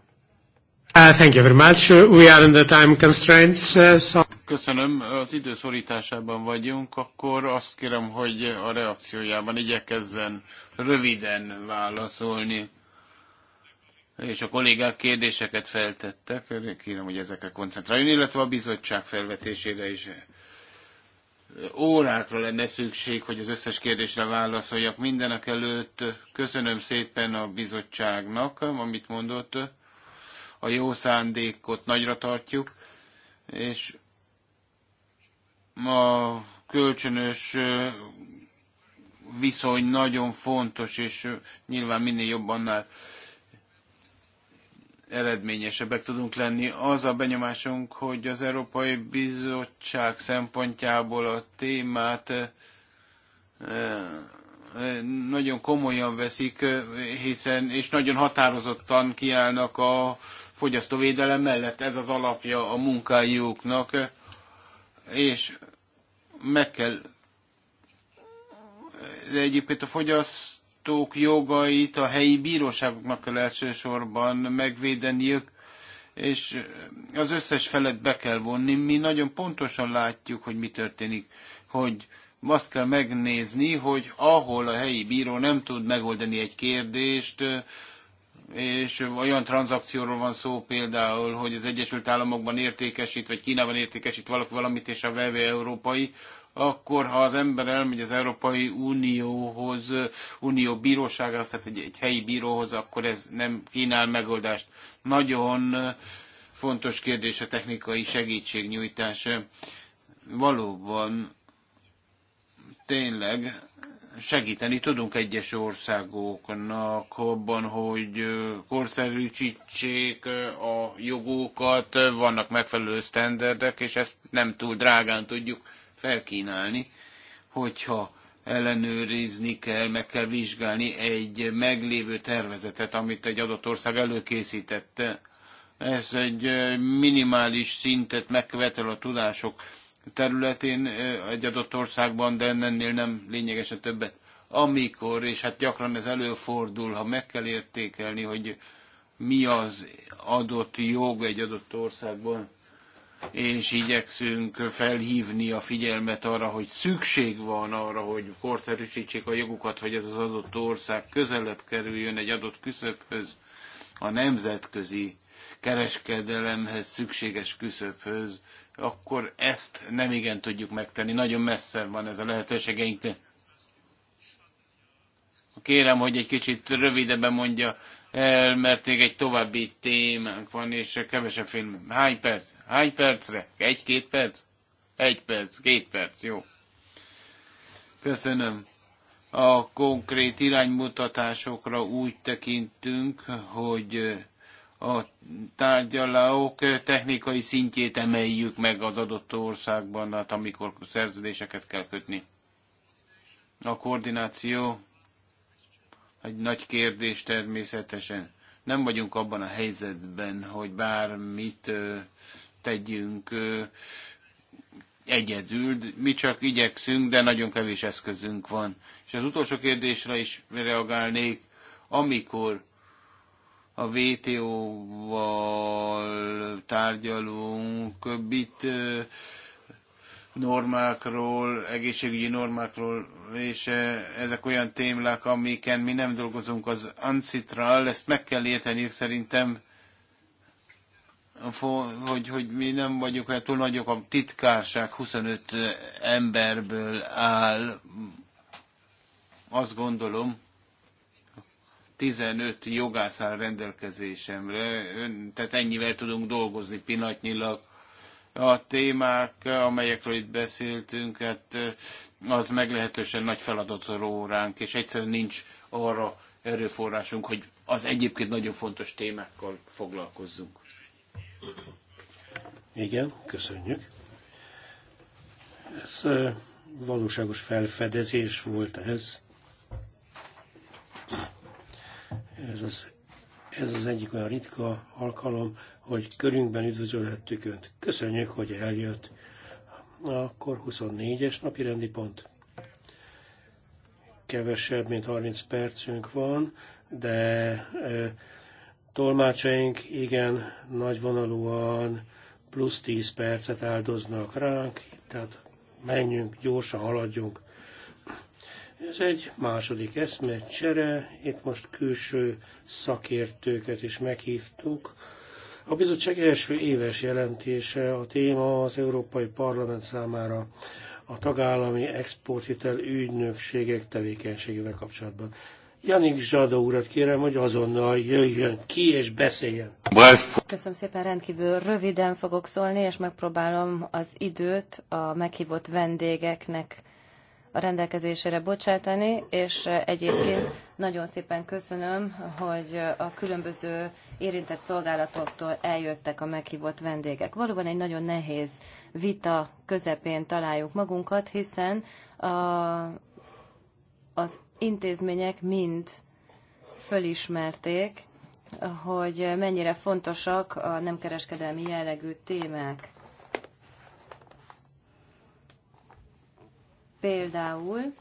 Uh, thank you very much. We are in the time constraints. Uh, so... Köszönöm, az időszorításában vagyunk, akkor azt kérem, hogy a reakciójában igyekezzen röviden válaszolni. És a kollégák kérdéseket feltettek, kérem, hogy ezekre koncentráljon, illetve a bizottság felvetésére is órákra lenne szükség, hogy az összes kérdésre válaszoljak. Mindenek előtt köszönöm szépen a bizottságnak, amit mondott a jó szándékot nagyra tartjuk, és a kölcsönös viszony nagyon fontos, és nyilván minél jobb annál eredményesebbek tudunk lenni. Az a benyomásunk, hogy az Európai Bizottság szempontjából a témát nagyon komolyan veszik, hiszen és nagyon határozottan kiállnak a fogyasztóvédelem mellett ez az alapja a munkájuknak, és meg kell de egyébként a fogyasztók jogait a helyi bíróságoknak kell elsősorban megvédeniük, és az összes felet be kell vonni. Mi nagyon pontosan látjuk, hogy mi történik, hogy azt kell megnézni, hogy ahol a helyi bíró nem tud megoldani egy kérdést, és olyan tranzakcióról van szó például, hogy az Egyesült Államokban értékesít, vagy Kínában értékesít valaki valamit, és a vevő európai, akkor ha az ember elmegy az Európai Unióhoz, Unió bíróságához, tehát egy, egy helyi bíróhoz, akkor ez nem kínál megoldást. Nagyon fontos kérdés a technikai segítségnyújtás. Valóban, tényleg, segíteni tudunk egyes országoknak abban, hogy korszerűsítsék a jogokat, vannak megfelelő sztenderdek, és ezt nem túl drágán tudjuk felkínálni, hogyha ellenőrizni kell, meg kell vizsgálni egy meglévő tervezetet, amit egy adott ország előkészítette. Ez egy minimális szintet megkövetel a tudások területén egy adott országban, de ennél nem lényegesen többet. Amikor, és hát gyakran ez előfordul, ha meg kell értékelni, hogy mi az adott jog egy adott országban, és igyekszünk felhívni a figyelmet arra, hogy szükség van arra, hogy korszerűsítsék a jogukat, hogy ez az adott ország közelebb kerüljön egy adott küszöbhöz, a nemzetközi kereskedelemhez szükséges küszöbhöz, akkor ezt nem igen tudjuk megtenni. Nagyon messze van ez a lehetőségeink. Kérem, hogy egy kicsit rövidebben mondja el, mert még egy további témánk van, és kevesebb film. Hány perc? Hány percre? Egy-két perc? Egy perc, két perc, jó. Köszönöm. A konkrét iránymutatásokra úgy tekintünk, hogy a tárgyalók technikai szintjét emeljük meg az adott országban, hát amikor szerződéseket kell kötni. A koordináció egy nagy kérdés természetesen. Nem vagyunk abban a helyzetben, hogy bármit tegyünk egyedül, mi csak igyekszünk, de nagyon kevés eszközünk van. És az utolsó kérdésre is reagálnék, amikor a VTO-val tárgyalunk, bit normákról, egészségügyi normákról, és ezek olyan témlák, amiken mi nem dolgozunk az ancitral, ezt meg kell érteni szerintem, hogy, hogy mi nem vagyunk olyan túl nagyok, a titkárság 25 emberből áll, azt gondolom, 15 jogász áll rendelkezésemre, Ön, tehát ennyivel tudunk dolgozni pillanatnyilag. A témák, amelyekről itt beszéltünk, hát az meglehetősen nagy feladat ránk, és egyszerűen nincs arra erőforrásunk, hogy az egyébként nagyon fontos témákkal foglalkozzunk. Igen, köszönjük. Ez valóságos felfedezés volt ez. Ez az, ez az egyik olyan ritka alkalom, hogy körünkben üdvözölhettük Önt. Köszönjük, hogy eljött. Na, akkor 24-es napi rendi pont. Kevesebb, mint 30 percünk van, de e, tolmácsaink igen nagyvonalúan plusz 10 percet áldoznak ránk, tehát menjünk, gyorsan haladjunk. Ez egy második eszme csere, itt most külső szakértőket is meghívtuk. A bizottság első éves jelentése a téma az Európai Parlament számára a tagállami exporthitel ügynökségek tevékenységével kapcsolatban. Janik Zsada urat kérem, hogy azonnal jöjjön ki és beszéljen. Köszönöm szépen, rendkívül röviden fogok szólni, és megpróbálom az időt a meghívott vendégeknek a rendelkezésére bocsátani, és egyébként nagyon szépen köszönöm, hogy a különböző érintett szolgálatoktól eljöttek a meghívott vendégek. Valóban egy nagyon nehéz vita közepén találjuk magunkat, hiszen a, az intézmények mind fölismerték, hogy mennyire fontosak a nem kereskedelmi jellegű témák. Például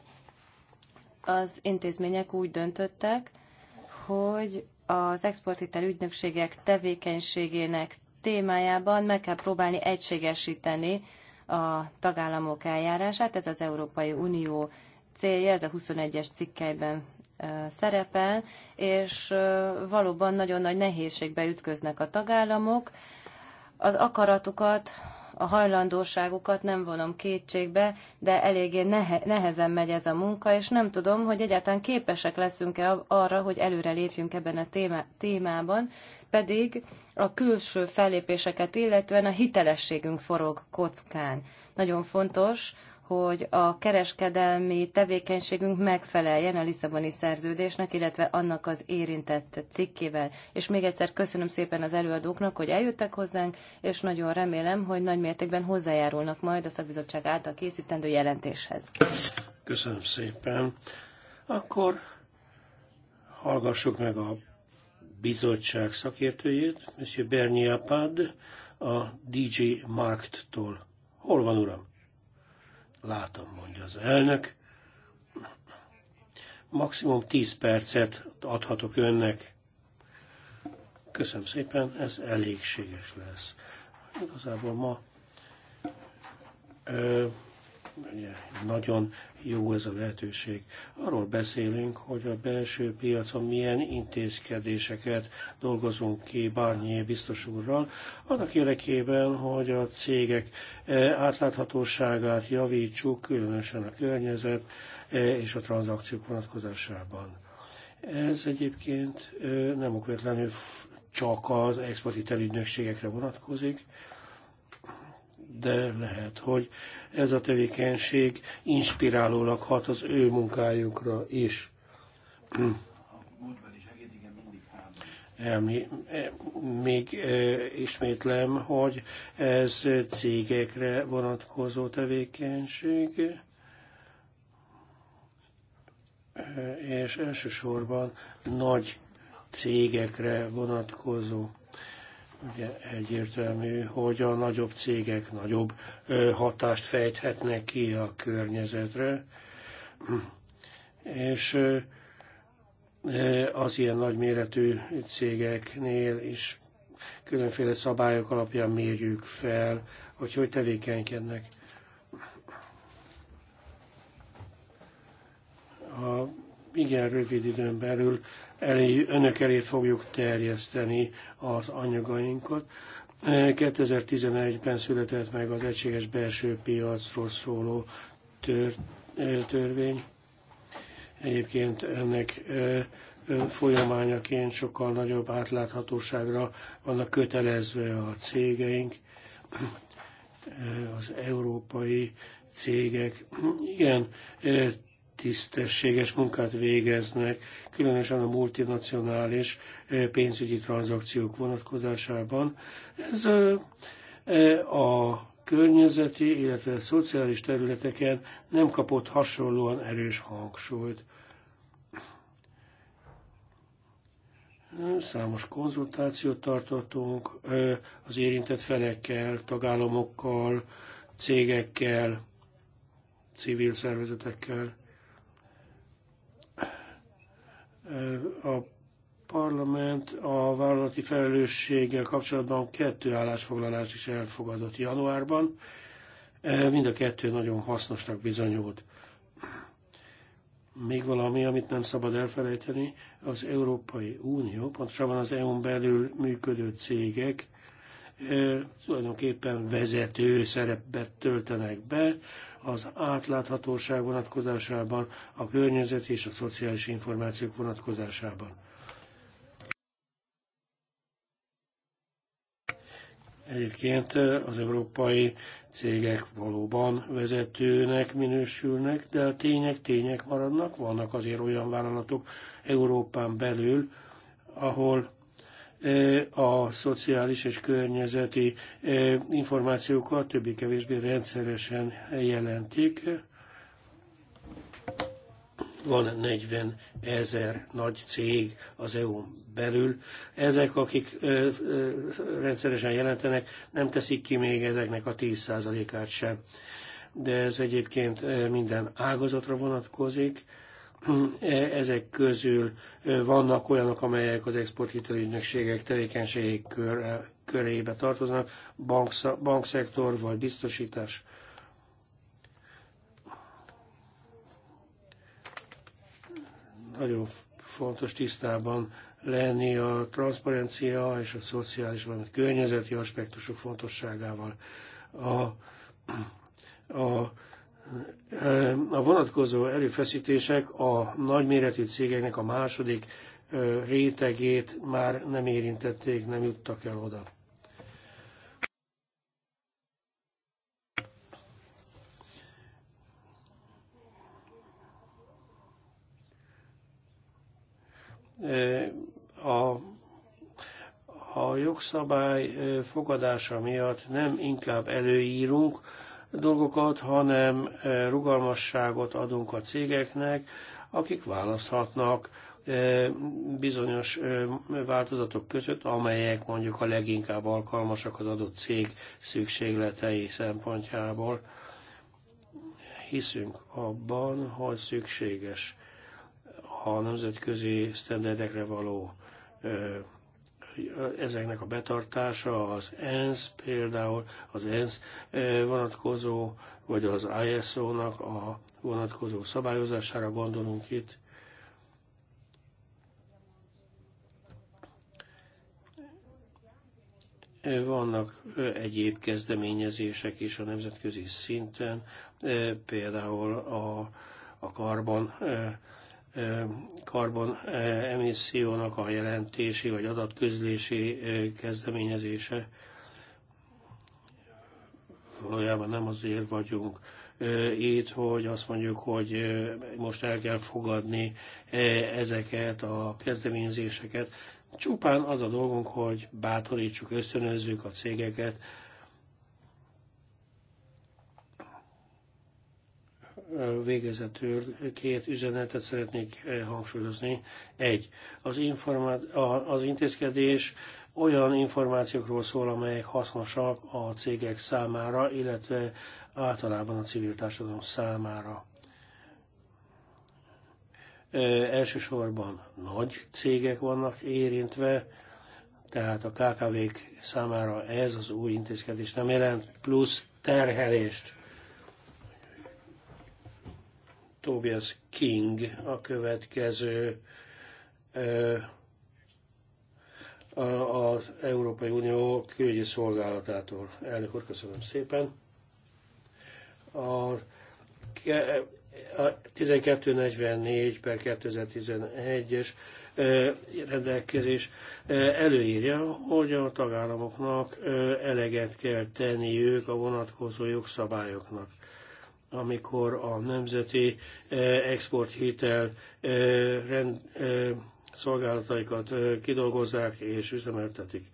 az intézmények úgy döntöttek, hogy az exportitel ügynökségek tevékenységének témájában meg kell próbálni egységesíteni a tagállamok eljárását. Ez az Európai Unió célja, ez a 21-es cikkelyben szerepel, és valóban nagyon nagy nehézségbe ütköznek a tagállamok. Az akaratukat a hajlandóságukat nem vonom kétségbe, de eléggé nehe, nehezen megy ez a munka, és nem tudom, hogy egyáltalán képesek leszünk-e arra, hogy előre lépjünk ebben a téma, témában, pedig a külső fellépéseket illetően a hitelességünk forog kockán. Nagyon fontos, hogy a kereskedelmi tevékenységünk megfeleljen a Lisszaboni szerződésnek, illetve annak az érintett cikkével. És még egyszer köszönöm szépen az előadóknak, hogy eljöttek hozzánk, és nagyon remélem, hogy nagy mértékben hozzájárulnak majd a szakbizottság által készítendő jelentéshez. Köszönöm szépen. Akkor hallgassuk meg a bizottság szakértőjét, Mr. Bernie Apad, a DG Markt-tól. Hol van, uram? Látom, mondja az elnök. Maximum 10 percet adhatok önnek. Köszönöm szépen, ez elégséges lesz. Igazából ma ö, nagyon jó ez a lehetőség. Arról beszélünk, hogy a belső piacon milyen intézkedéseket dolgozunk ki Barnier biztos úrral, annak érdekében, hogy a cégek eh, átláthatóságát javítsuk, különösen a környezet eh, és a tranzakciók vonatkozásában. Ez egyébként eh, nem okvetlenül csak az exportitelügynökségekre vonatkozik, de lehet, hogy ez a tevékenység inspirálólag hat az ő munkájukra is. Elmi, e, még e, ismétlem, hogy ez cégekre vonatkozó tevékenység, e, és elsősorban nagy cégekre vonatkozó Ugye egyértelmű, hogy a nagyobb cégek nagyobb hatást fejthetnek ki a környezetre, és az ilyen nagyméretű cégeknél is különféle szabályok alapján mérjük fel, hogy hogy tevékenykednek. A igen rövid időn belül elé, önök elé fogjuk terjeszteni az anyagainkat. 2011-ben e, született meg az egységes belső piacról szóló tör, e, törvény. Egyébként ennek e, folyamányaként sokkal nagyobb átláthatóságra vannak kötelezve a cégeink, az európai cégek. Igen, tisztességes munkát végeznek, különösen a multinacionális pénzügyi tranzakciók vonatkozásában. Ez a környezeti, illetve a szociális területeken nem kapott hasonlóan erős hangsúlyt. Számos konzultációt tartottunk az érintett felekkel, tagállamokkal, cégekkel, civil szervezetekkel a parlament a vállalati felelősséggel kapcsolatban kettő állásfoglalást is elfogadott januárban. E, mind a kettő nagyon hasznosnak bizonyult. Még valami, amit nem szabad elfelejteni, az Európai Unió, pontosabban az EU-n belül működő cégek tulajdonképpen vezető szerepet töltenek be az átláthatóság vonatkozásában, a környezet és a szociális információk vonatkozásában. Egyébként az európai cégek valóban vezetőnek minősülnek, de a tények tények maradnak. Vannak azért olyan vállalatok Európán belül, ahol E, a szociális és környezeti e, információkat többé-kevésbé rendszeresen jelentik. Van 40 ezer nagy cég az EU-n belül. Ezek, akik ö, e, ö, rendszeresen jelentenek, nem teszik ki még ezeknek a 10%-át sem. De ez egyébként minden ágazatra vonatkozik ezek közül vannak olyanok, amelyek az exporthitelügynökségek tevékenységek körébe tartoznak, bankszektor vagy biztosítás. Nagyon fontos tisztában lenni a transzparencia és a szociális, valamint környezeti aspektusok fontosságával. A, a a vonatkozó erőfeszítések a nagyméretű cégeknek a második rétegét már nem érintették, nem juttak el oda. A, a jogszabály fogadása miatt nem inkább előírunk, dolgokat, hanem e, rugalmasságot adunk a cégeknek, akik választhatnak e, bizonyos e, változatok között, amelyek mondjuk a leginkább alkalmasak az adott cég szükségletei szempontjából. Hiszünk abban, hogy szükséges a nemzetközi sztenderdekre való ezeknek a betartása az ENSZ például, az ENSZ eh, vonatkozó, vagy az ISO-nak a vonatkozó szabályozására gondolunk itt. Eh, vannak eh, egyéb kezdeményezések is a nemzetközi szinten, például a, a karbon karbon emissziónak a jelentési vagy adatközlési kezdeményezése. Valójában nem azért vagyunk itt, hogy azt mondjuk, hogy most el kell fogadni ezeket a kezdeményezéseket. Csupán az a dolgunk, hogy bátorítsuk, ösztönözzük a cégeket végezetül két üzenetet szeretnék eh, hangsúlyozni. Egy, az, informá- az intézkedés olyan információkról szól, amelyek hasznosak a cégek számára, illetve általában a civil társadalom számára. Eh, elsősorban nagy cégek vannak érintve, tehát a KKV-k számára ez az új intézkedés nem jelent plusz terhelést Tobias King a következő az Európai Unió külügyi szolgálatától. Elnök úr, köszönöm szépen. A 1244 per 2011-es rendelkezés előírja, hogy a tagállamoknak eleget kell tenniük a vonatkozó jogszabályoknak amikor a Nemzeti eh, Exporthitel eh, rend, eh, szolgálataikat kidolgozzák és üzemeltetik.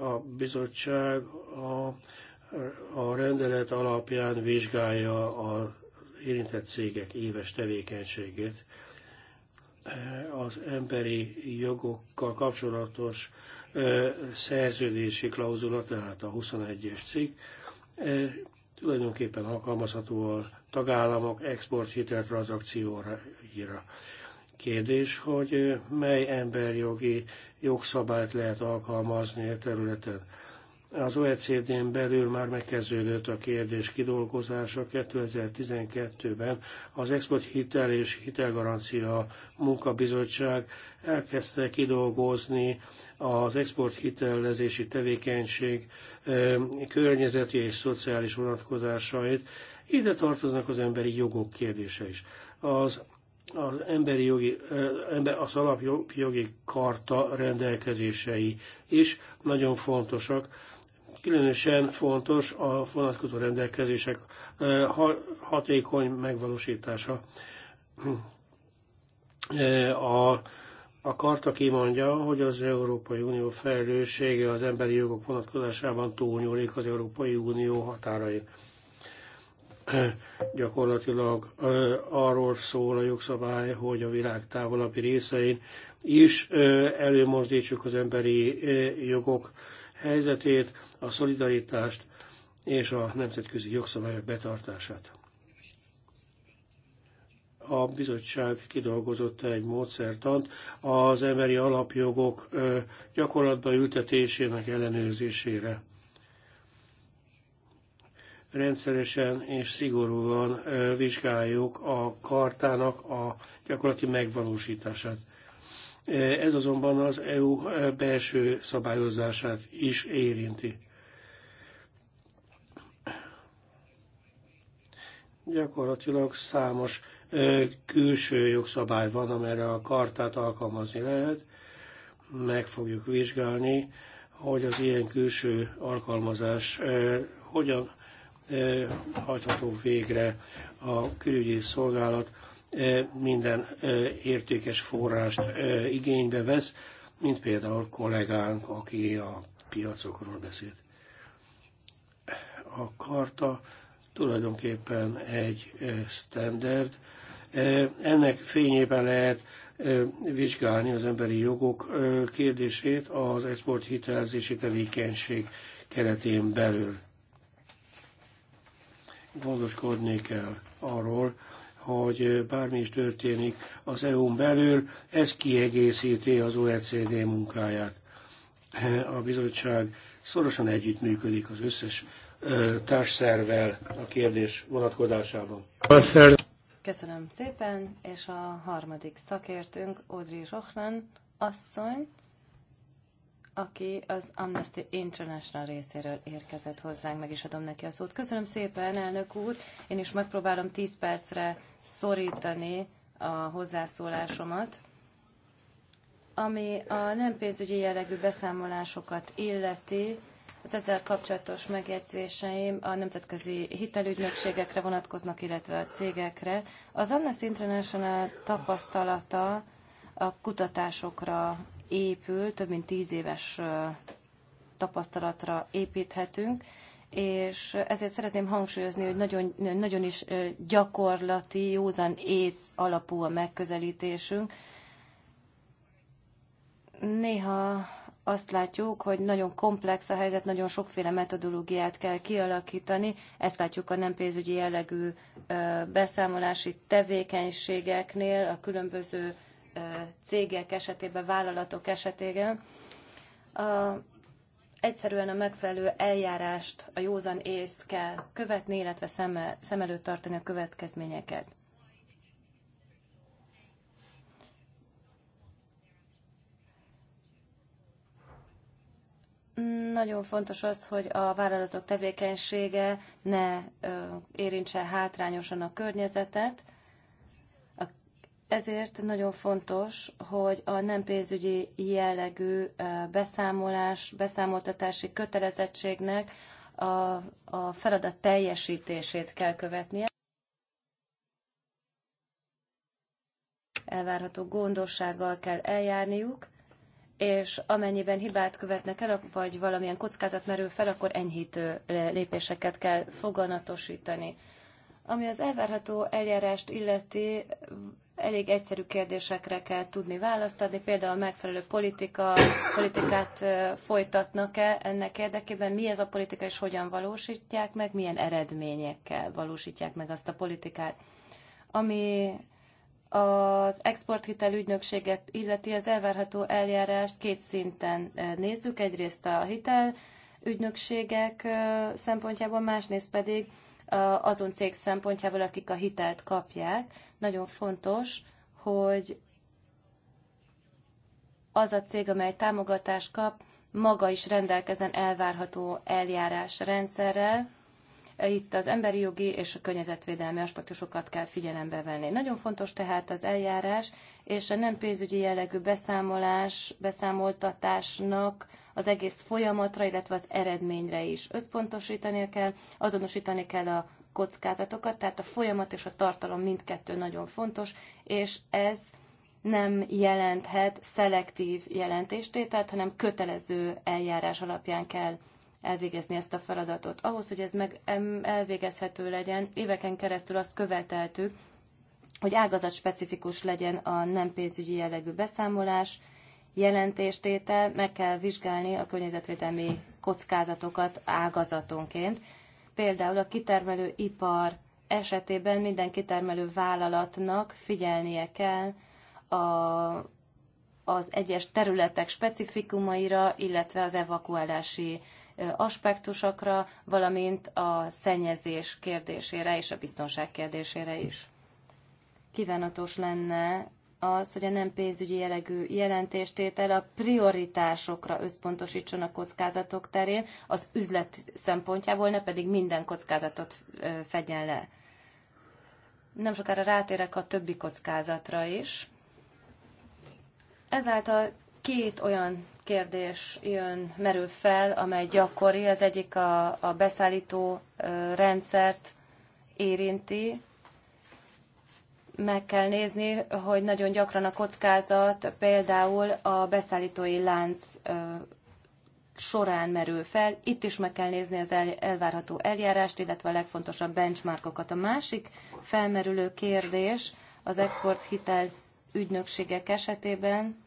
A bizottság a, a rendelet alapján vizsgálja az érintett cégek éves tevékenységét. Az emberi jogokkal kapcsolatos szerződési klauzula, tehát a 21-es cikk, tulajdonképpen alkalmazható a tagállamok export hiteltranzakcióra. Kérdés, hogy mely emberjogi jogszabályt lehet alkalmazni a területen. Az OECD-n belül már megkezdődött a kérdés kidolgozása 2012-ben. Az Export Hitel és Hitelgarancia Munkabizottság elkezdte kidolgozni az export hitelezési tevékenység környezeti és szociális vonatkozásait. Ide tartoznak az emberi jogok kérdése is. Az az emberi jogi, az alapjogi karta rendelkezései is nagyon fontosak Különösen fontos a vonatkozó rendelkezések hatékony megvalósítása. A a karta kimondja, hogy az Európai Unió felelőssége az emberi jogok vonatkozásában túlnyúlik az Európai Unió határai Gyakorlatilag arról szól a jogszabály, hogy a világ távolabbi részein is előmozdítsuk az emberi jogok helyzetét, a szolidaritást és a nemzetközi jogszabályok betartását. A bizottság kidolgozott egy módszertant az emberi alapjogok gyakorlatba ültetésének ellenőrzésére rendszeresen és szigorúan vizsgáljuk a kartának a gyakorlati megvalósítását. Ez azonban az EU eh, belső szabályozását is érinti. Gyakorlatilag számos eh, külső jogszabály van, amelyre a kartát alkalmazni lehet. Meg fogjuk vizsgálni, hogy az ilyen külső alkalmazás eh, hogyan hajtható végre a külügyi szolgálat minden értékes forrást igénybe vesz, mint például kollégánk, aki a piacokról beszélt. A karta tulajdonképpen egy standard. Ennek fényében lehet vizsgálni az emberi jogok kérdését az exporthitelzési tevékenység keretén belül. Gondoskodni kell arról, hogy bármi is történik az EU-n belül, ez kiegészíti az OECD munkáját. A bizottság szorosan együttműködik az összes társszervel a kérdés vonatkozásában. Köszönöm szépen, és a harmadik szakértünk, Audrey Rochlan asszony, aki az Amnesty International részéről érkezett hozzánk. Meg is adom neki a szót. Köszönöm szépen, elnök úr. Én is megpróbálom 10 percre szorítani a hozzászólásomat. Ami a nem pénzügyi jellegű beszámolásokat illeti, az ezzel kapcsolatos megjegyzéseim a nemzetközi hitelügynökségekre vonatkoznak, illetve a cégekre. Az Amnesty International tapasztalata a kutatásokra épül, több mint tíz éves tapasztalatra építhetünk, és ezért szeretném hangsúlyozni, hogy nagyon, nagyon is gyakorlati, józan ész alapú a megközelítésünk. Néha azt látjuk, hogy nagyon komplex a helyzet, nagyon sokféle metodológiát kell kialakítani. Ezt látjuk a nem pénzügyi jellegű beszámolási tevékenységeknél, a különböző cégek esetében, vállalatok esetében a, egyszerűen a megfelelő eljárást, a józan észt kell követni, illetve szem, szem előtt tartani a következményeket. Nagyon fontos az, hogy a vállalatok tevékenysége ne érintse hátrányosan a környezetet, ezért nagyon fontos, hogy a nem pénzügyi jellegű beszámolás, beszámoltatási kötelezettségnek a, a feladat teljesítését kell követnie. Elvárható gondossággal kell eljárniuk, és amennyiben hibát követnek el, vagy valamilyen kockázat merül fel, akkor enyhítő lépéseket kell foganatosítani. Ami az elvárható eljárást illeti, elég egyszerű kérdésekre kell tudni választ adni, például megfelelő politika, politikát folytatnak-e ennek érdekében, mi ez a politika és hogyan valósítják meg, milyen eredményekkel valósítják meg azt a politikát. Ami az exporthitel ügynökséget illeti az elvárható eljárást két szinten nézzük. Egyrészt a hitel ügynökségek szempontjából, másrészt pedig azon cég szempontjából, akik a hitelt kapják. Nagyon fontos, hogy az a cég, amely támogatást kap, maga is rendelkezen elvárható eljárásrendszerrel, itt az emberi jogi és a környezetvédelmi aspektusokat kell figyelembe venni. Nagyon fontos tehát az eljárás és a nem pénzügyi jellegű beszámolás, beszámoltatásnak az egész folyamatra, illetve az eredményre is összpontosítani kell, azonosítani kell a kockázatokat, tehát a folyamat és a tartalom mindkettő nagyon fontos, és ez nem jelenthet szelektív jelentéstételt, hanem kötelező eljárás alapján kell elvégezni ezt a feladatot. Ahhoz, hogy ez meg elvégezhető legyen, éveken keresztül azt követeltük, hogy ágazat specifikus legyen a nem pénzügyi jellegű beszámolás, jelentéstétel, meg kell vizsgálni a környezetvédelmi kockázatokat ágazatonként. Például a kitermelő ipar esetében minden kitermelő vállalatnak figyelnie kell a, az egyes területek specifikumaira, illetve az evakuálási aspektusokra, valamint a szennyezés kérdésére és a biztonság kérdésére is. Kívánatos lenne az, hogy a nem pénzügyi jellegű jelentéstétel a prioritásokra összpontosítson a kockázatok terén, az üzlet szempontjából, ne pedig minden kockázatot fedjen le. Nem sokára rátérek a többi kockázatra is. Ezáltal két olyan kérdés jön, merül fel, amely gyakori. Az egyik a, a beszállító rendszert érinti. Meg kell nézni, hogy nagyon gyakran a kockázat például a beszállítói lánc során merül fel. Itt is meg kell nézni az elvárható eljárást, illetve a legfontosabb benchmarkokat. A másik felmerülő kérdés az exporthitel ügynökségek esetében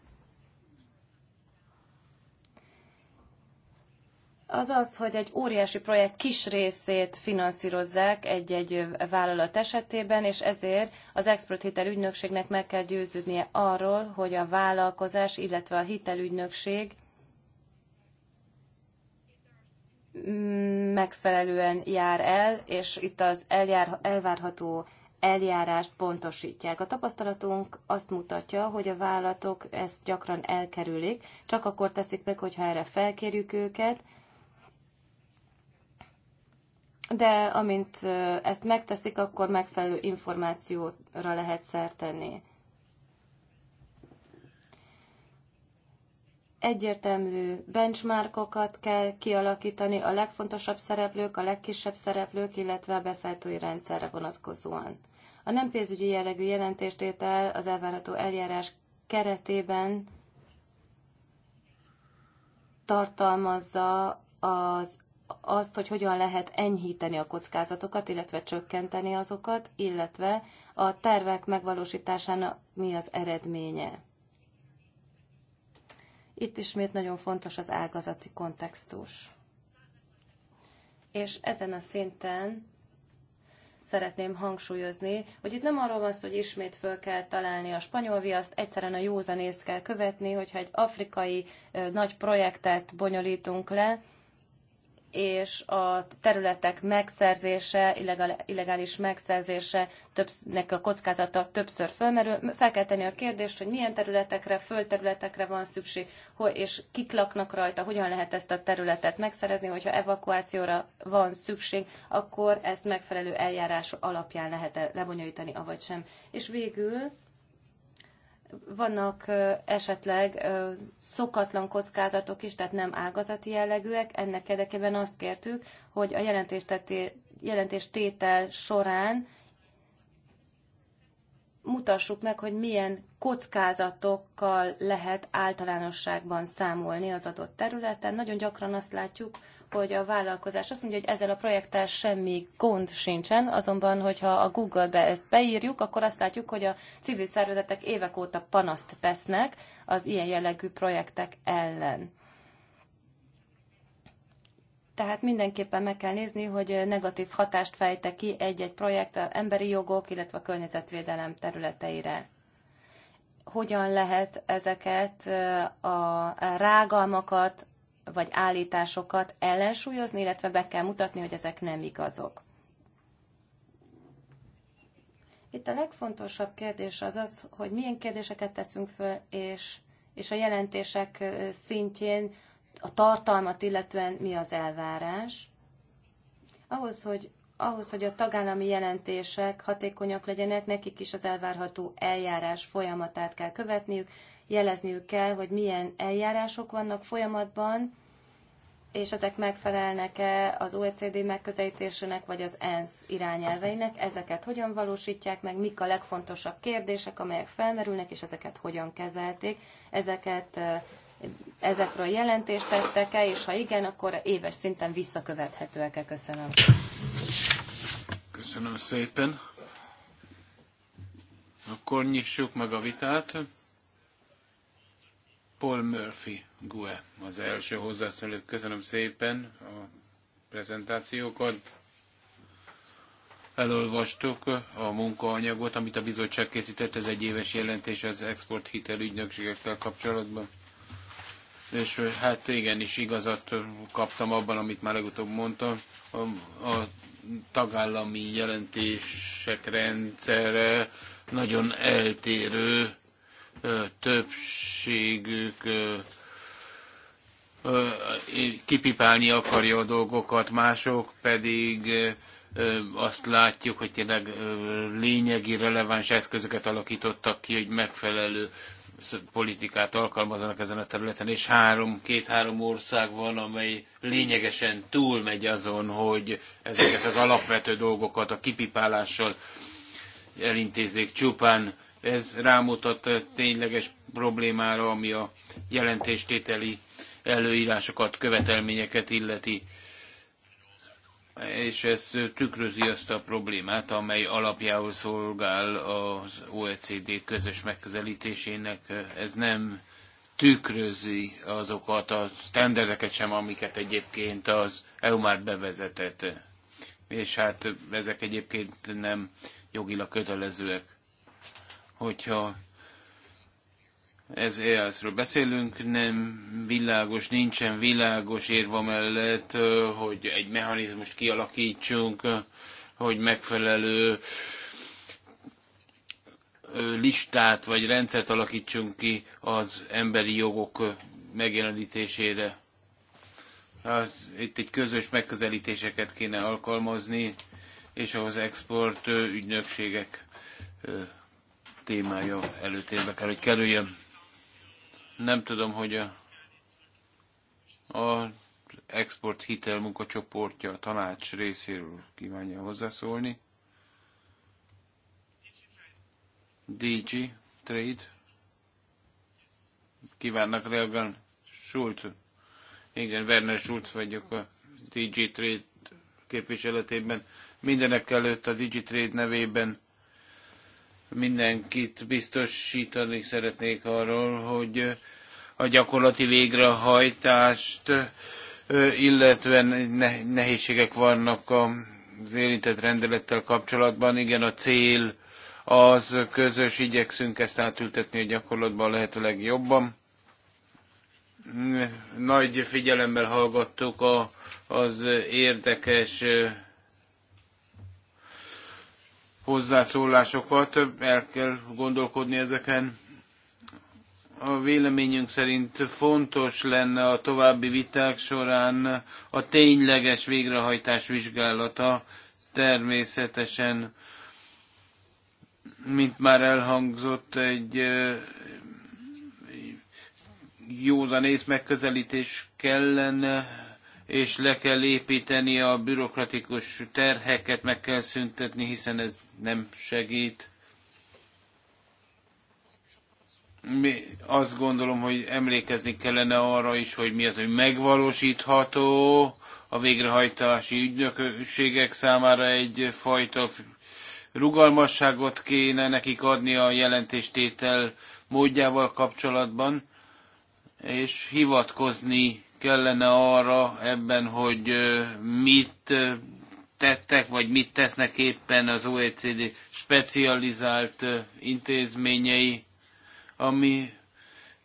az az, hogy egy óriási projekt kis részét finanszírozzák egy-egy vállalat esetében, és ezért az export hitelügynökségnek meg kell győződnie arról, hogy a vállalkozás, illetve a hitelügynökség megfelelően jár el, és itt az eljár, elvárható eljárást pontosítják. A tapasztalatunk azt mutatja, hogy a vállalatok ezt gyakran elkerülik, csak akkor teszik meg, hogyha erre felkérjük őket, de amint ezt megteszik, akkor megfelelő információra lehet szert tenni. Egyértelmű benchmarkokat kell kialakítani a legfontosabb szereplők, a legkisebb szereplők, illetve a beszállítói rendszerre vonatkozóan. A nem pénzügyi jellegű jelentéstétel az elvárható eljárás keretében tartalmazza az azt, hogy hogyan lehet enyhíteni a kockázatokat, illetve csökkenteni azokat, illetve a tervek megvalósításának mi az eredménye. Itt ismét nagyon fontos az ágazati kontextus. És ezen a szinten szeretném hangsúlyozni, hogy itt nem arról van szó, hogy ismét föl kell találni a spanyol viaszt, egyszerűen a józan kell követni, hogyha egy afrikai nagy projektet bonyolítunk le, és a területek megszerzése, illegális megszerzése, többnek a kockázata többször fölmerül. Fel kell tenni a kérdést, hogy milyen területekre, földterületekre van szükség, és kik laknak rajta, hogyan lehet ezt a területet megszerezni, hogyha evakuációra van szükség, akkor ezt megfelelő eljárás alapján lehet -e lebonyolítani, avagy sem. És végül vannak esetleg szokatlan kockázatok is, tehát nem ágazati jellegűek. Ennek érdekében azt kértük, hogy a jelentéstétel során mutassuk meg, hogy milyen kockázatokkal lehet általánosságban számolni az adott területen. Nagyon gyakran azt látjuk, hogy a vállalkozás azt mondja, hogy ezzel a projekttel semmi gond sincsen, azonban, hogyha a Google-be ezt beírjuk, akkor azt látjuk, hogy a civil szervezetek évek óta panaszt tesznek az ilyen jellegű projektek ellen. Tehát mindenképpen meg kell nézni, hogy negatív hatást fejte ki egy-egy projekt a emberi jogok, illetve a környezetvédelem területeire. Hogyan lehet ezeket a rágalmakat, vagy állításokat ellensúlyozni, illetve be kell mutatni, hogy ezek nem igazok. Itt a legfontosabb kérdés az az, hogy milyen kérdéseket teszünk föl, és, és a jelentések szintjén a tartalmat illetően mi az elvárás. Ahhoz, hogy ahhoz, hogy a tagállami jelentések hatékonyak legyenek, nekik is az elvárható eljárás folyamatát kell követniük, jelezniük kell, hogy milyen eljárások vannak folyamatban, és ezek megfelelnek-e az OECD megközelítésének, vagy az ENSZ irányelveinek, ezeket hogyan valósítják meg, mik a legfontosabb kérdések, amelyek felmerülnek, és ezeket hogyan kezelték, ezeket ezekről jelentést tettek-e, és ha igen, akkor éves szinten visszakövethetőek-e? Köszönöm. Köszönöm szépen. Akkor nyissuk meg a vitát. Paul Murphy, GUE, az első hozzászólók Köszönöm szépen a prezentációkat. Elolvastuk a munkaanyagot, amit a bizottság készített, ez egy éves jelentés az export hitelügynökségekkel kapcsolatban. És hát is igazat kaptam abban, amit már legutóbb mondtam. A, a tagállami jelentések rendszere nagyon eltérő többségük kipipálni akarja a dolgokat, mások pedig azt látjuk, hogy tényleg lényegi, releváns eszközöket alakítottak ki, hogy megfelelő politikát alkalmazanak ezen a területen, és három, két-három ország van, amely lényegesen túlmegy azon, hogy ezeket az alapvető dolgokat a kipipálással elintézzék csupán ez rámutat a tényleges problémára, ami a jelentéstételi előírásokat, követelményeket illeti. És ez tükrözi azt a problémát, amely alapjául szolgál az OECD közös megközelítésének. Ez nem tükrözi azokat a standardeket sem, amiket egyébként az EU már bevezetett. És hát ezek egyébként nem jogilag kötelezőek hogyha ez EAS-ről beszélünk, nem világos, nincsen világos érva mellett, hogy egy mechanizmust kialakítsunk, hogy megfelelő listát vagy rendszert alakítsunk ki az emberi jogok megjelenítésére. Hát, itt egy közös megközelítéseket kéne alkalmazni, és ahhoz export ügynökségek témája előtérbe kell, hogy kerüljön. Nem tudom, hogy a, a export hitel munkacsoportja a tanács részéről kívánja hozzászólni. DG Trade kívánnak reagálni. Schultz. Igen, Werner Schultz vagyok a DG Trade képviseletében. Mindenek előtt a DigiTrade nevében mindenkit biztosítani szeretnék arról, hogy a gyakorlati végrehajtást, illetve nehézségek vannak az érintett rendelettel kapcsolatban. Igen, a cél az közös, igyekszünk ezt átültetni a gyakorlatban lehető legjobban. Nagy figyelemmel hallgattuk a, az érdekes hozzászólásokat, el kell gondolkodni ezeken. A véleményünk szerint fontos lenne a további viták során a tényleges végrehajtás vizsgálata természetesen, mint már elhangzott, egy józan ész megközelítés kellene, és le kell építeni a bürokratikus terheket, meg kell szüntetni, hiszen ez nem segít. Mi azt gondolom, hogy emlékezni kellene arra is, hogy mi az, hogy megvalósítható a végrehajtási ügynökségek számára egyfajta rugalmasságot kéne nekik adni a jelentéstétel módjával kapcsolatban, és hivatkozni kellene arra ebben, hogy mit tettek, vagy mit tesznek éppen az OECD specializált intézményei, ami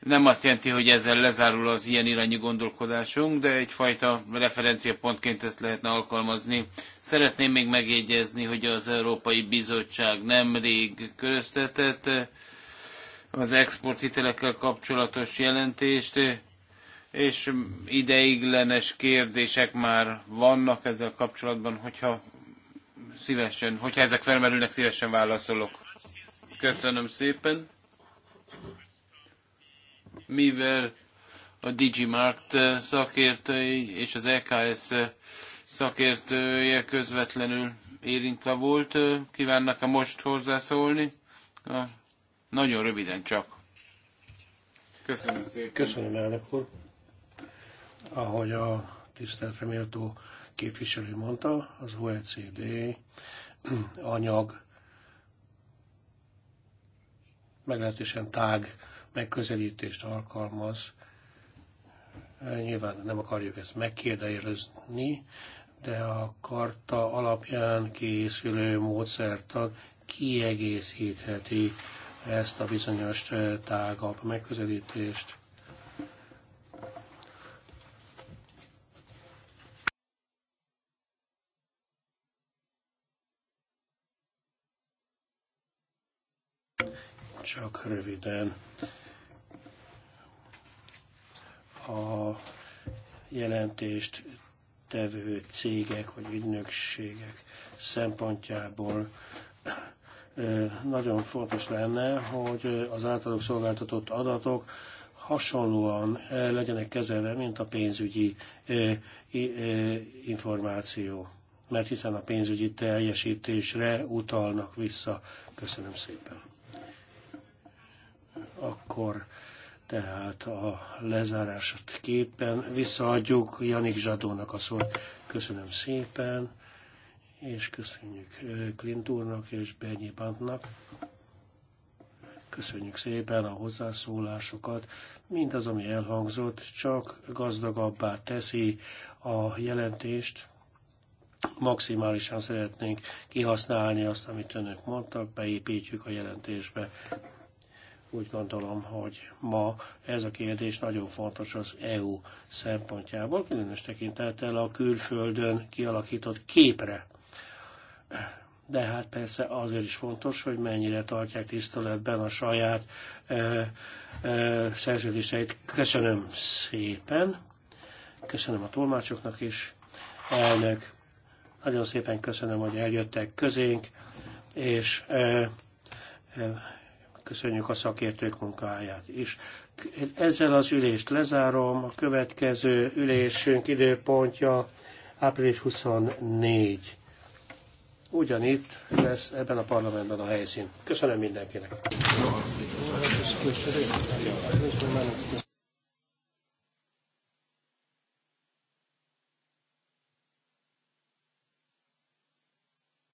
nem azt jelenti, hogy ezzel lezárul az ilyen irányú gondolkodásunk, de egyfajta referenciapontként ezt lehetne alkalmazni. Szeretném még megjegyezni, hogy az Európai Bizottság nemrég köztetett az exporthitelekkel kapcsolatos jelentést, és ideiglenes kérdések már vannak ezzel kapcsolatban, hogyha szívesen, hogyha ezek felmerülnek, szívesen válaszolok. Köszönöm szépen. Mivel a Digimart szakértői és az EKS szakértője közvetlenül érintve volt, kívánnak a most hozzászólni? Nagyon röviden csak. Köszönöm szépen. Köszönöm, elnök úr. Ahogy a tisztelt méltó képviselő mondta, az OECD anyag meglehetősen tág megközelítést alkalmaz. Nyilván nem akarjuk ezt megkérdezni, de a karta alapján készülő módszertan kiegészítheti ezt a bizonyos eh, tágabb megközelítést. csak röviden. A jelentést tevő cégek vagy ügynökségek szempontjából nagyon fontos lenne, hogy az általuk szolgáltatott adatok hasonlóan legyenek kezelve, mint a pénzügyi információ, mert hiszen a pénzügyi teljesítésre utalnak vissza. Köszönöm szépen akkor tehát a lezárásot képen visszaadjuk Janik Zsadónak a szót. Köszönöm szépen, és köszönjük Klint eh, úrnak és Bernyi Bantnak. Köszönjük szépen a hozzászólásokat. az ami elhangzott, csak gazdagabbá teszi a jelentést. Maximálisan szeretnénk kihasználni azt, amit önök mondtak, beépítjük a jelentésbe. Úgy gondolom, hogy ma ez a kérdés nagyon fontos az EU szempontjából, különös tekintettel a külföldön kialakított képre. De hát persze azért is fontos, hogy mennyire tartják tiszteletben a saját ö, ö, szerződéseit. Köszönöm szépen, köszönöm a tolmácsoknak is, elnök, nagyon szépen köszönöm, hogy eljöttek közénk, és ö, ö, Köszönjük a szakértők munkáját is. Ezzel az ülést lezárom. A következő ülésünk időpontja április 24. Ugyanitt lesz ebben a parlamentben a helyszín. Köszönöm mindenkinek.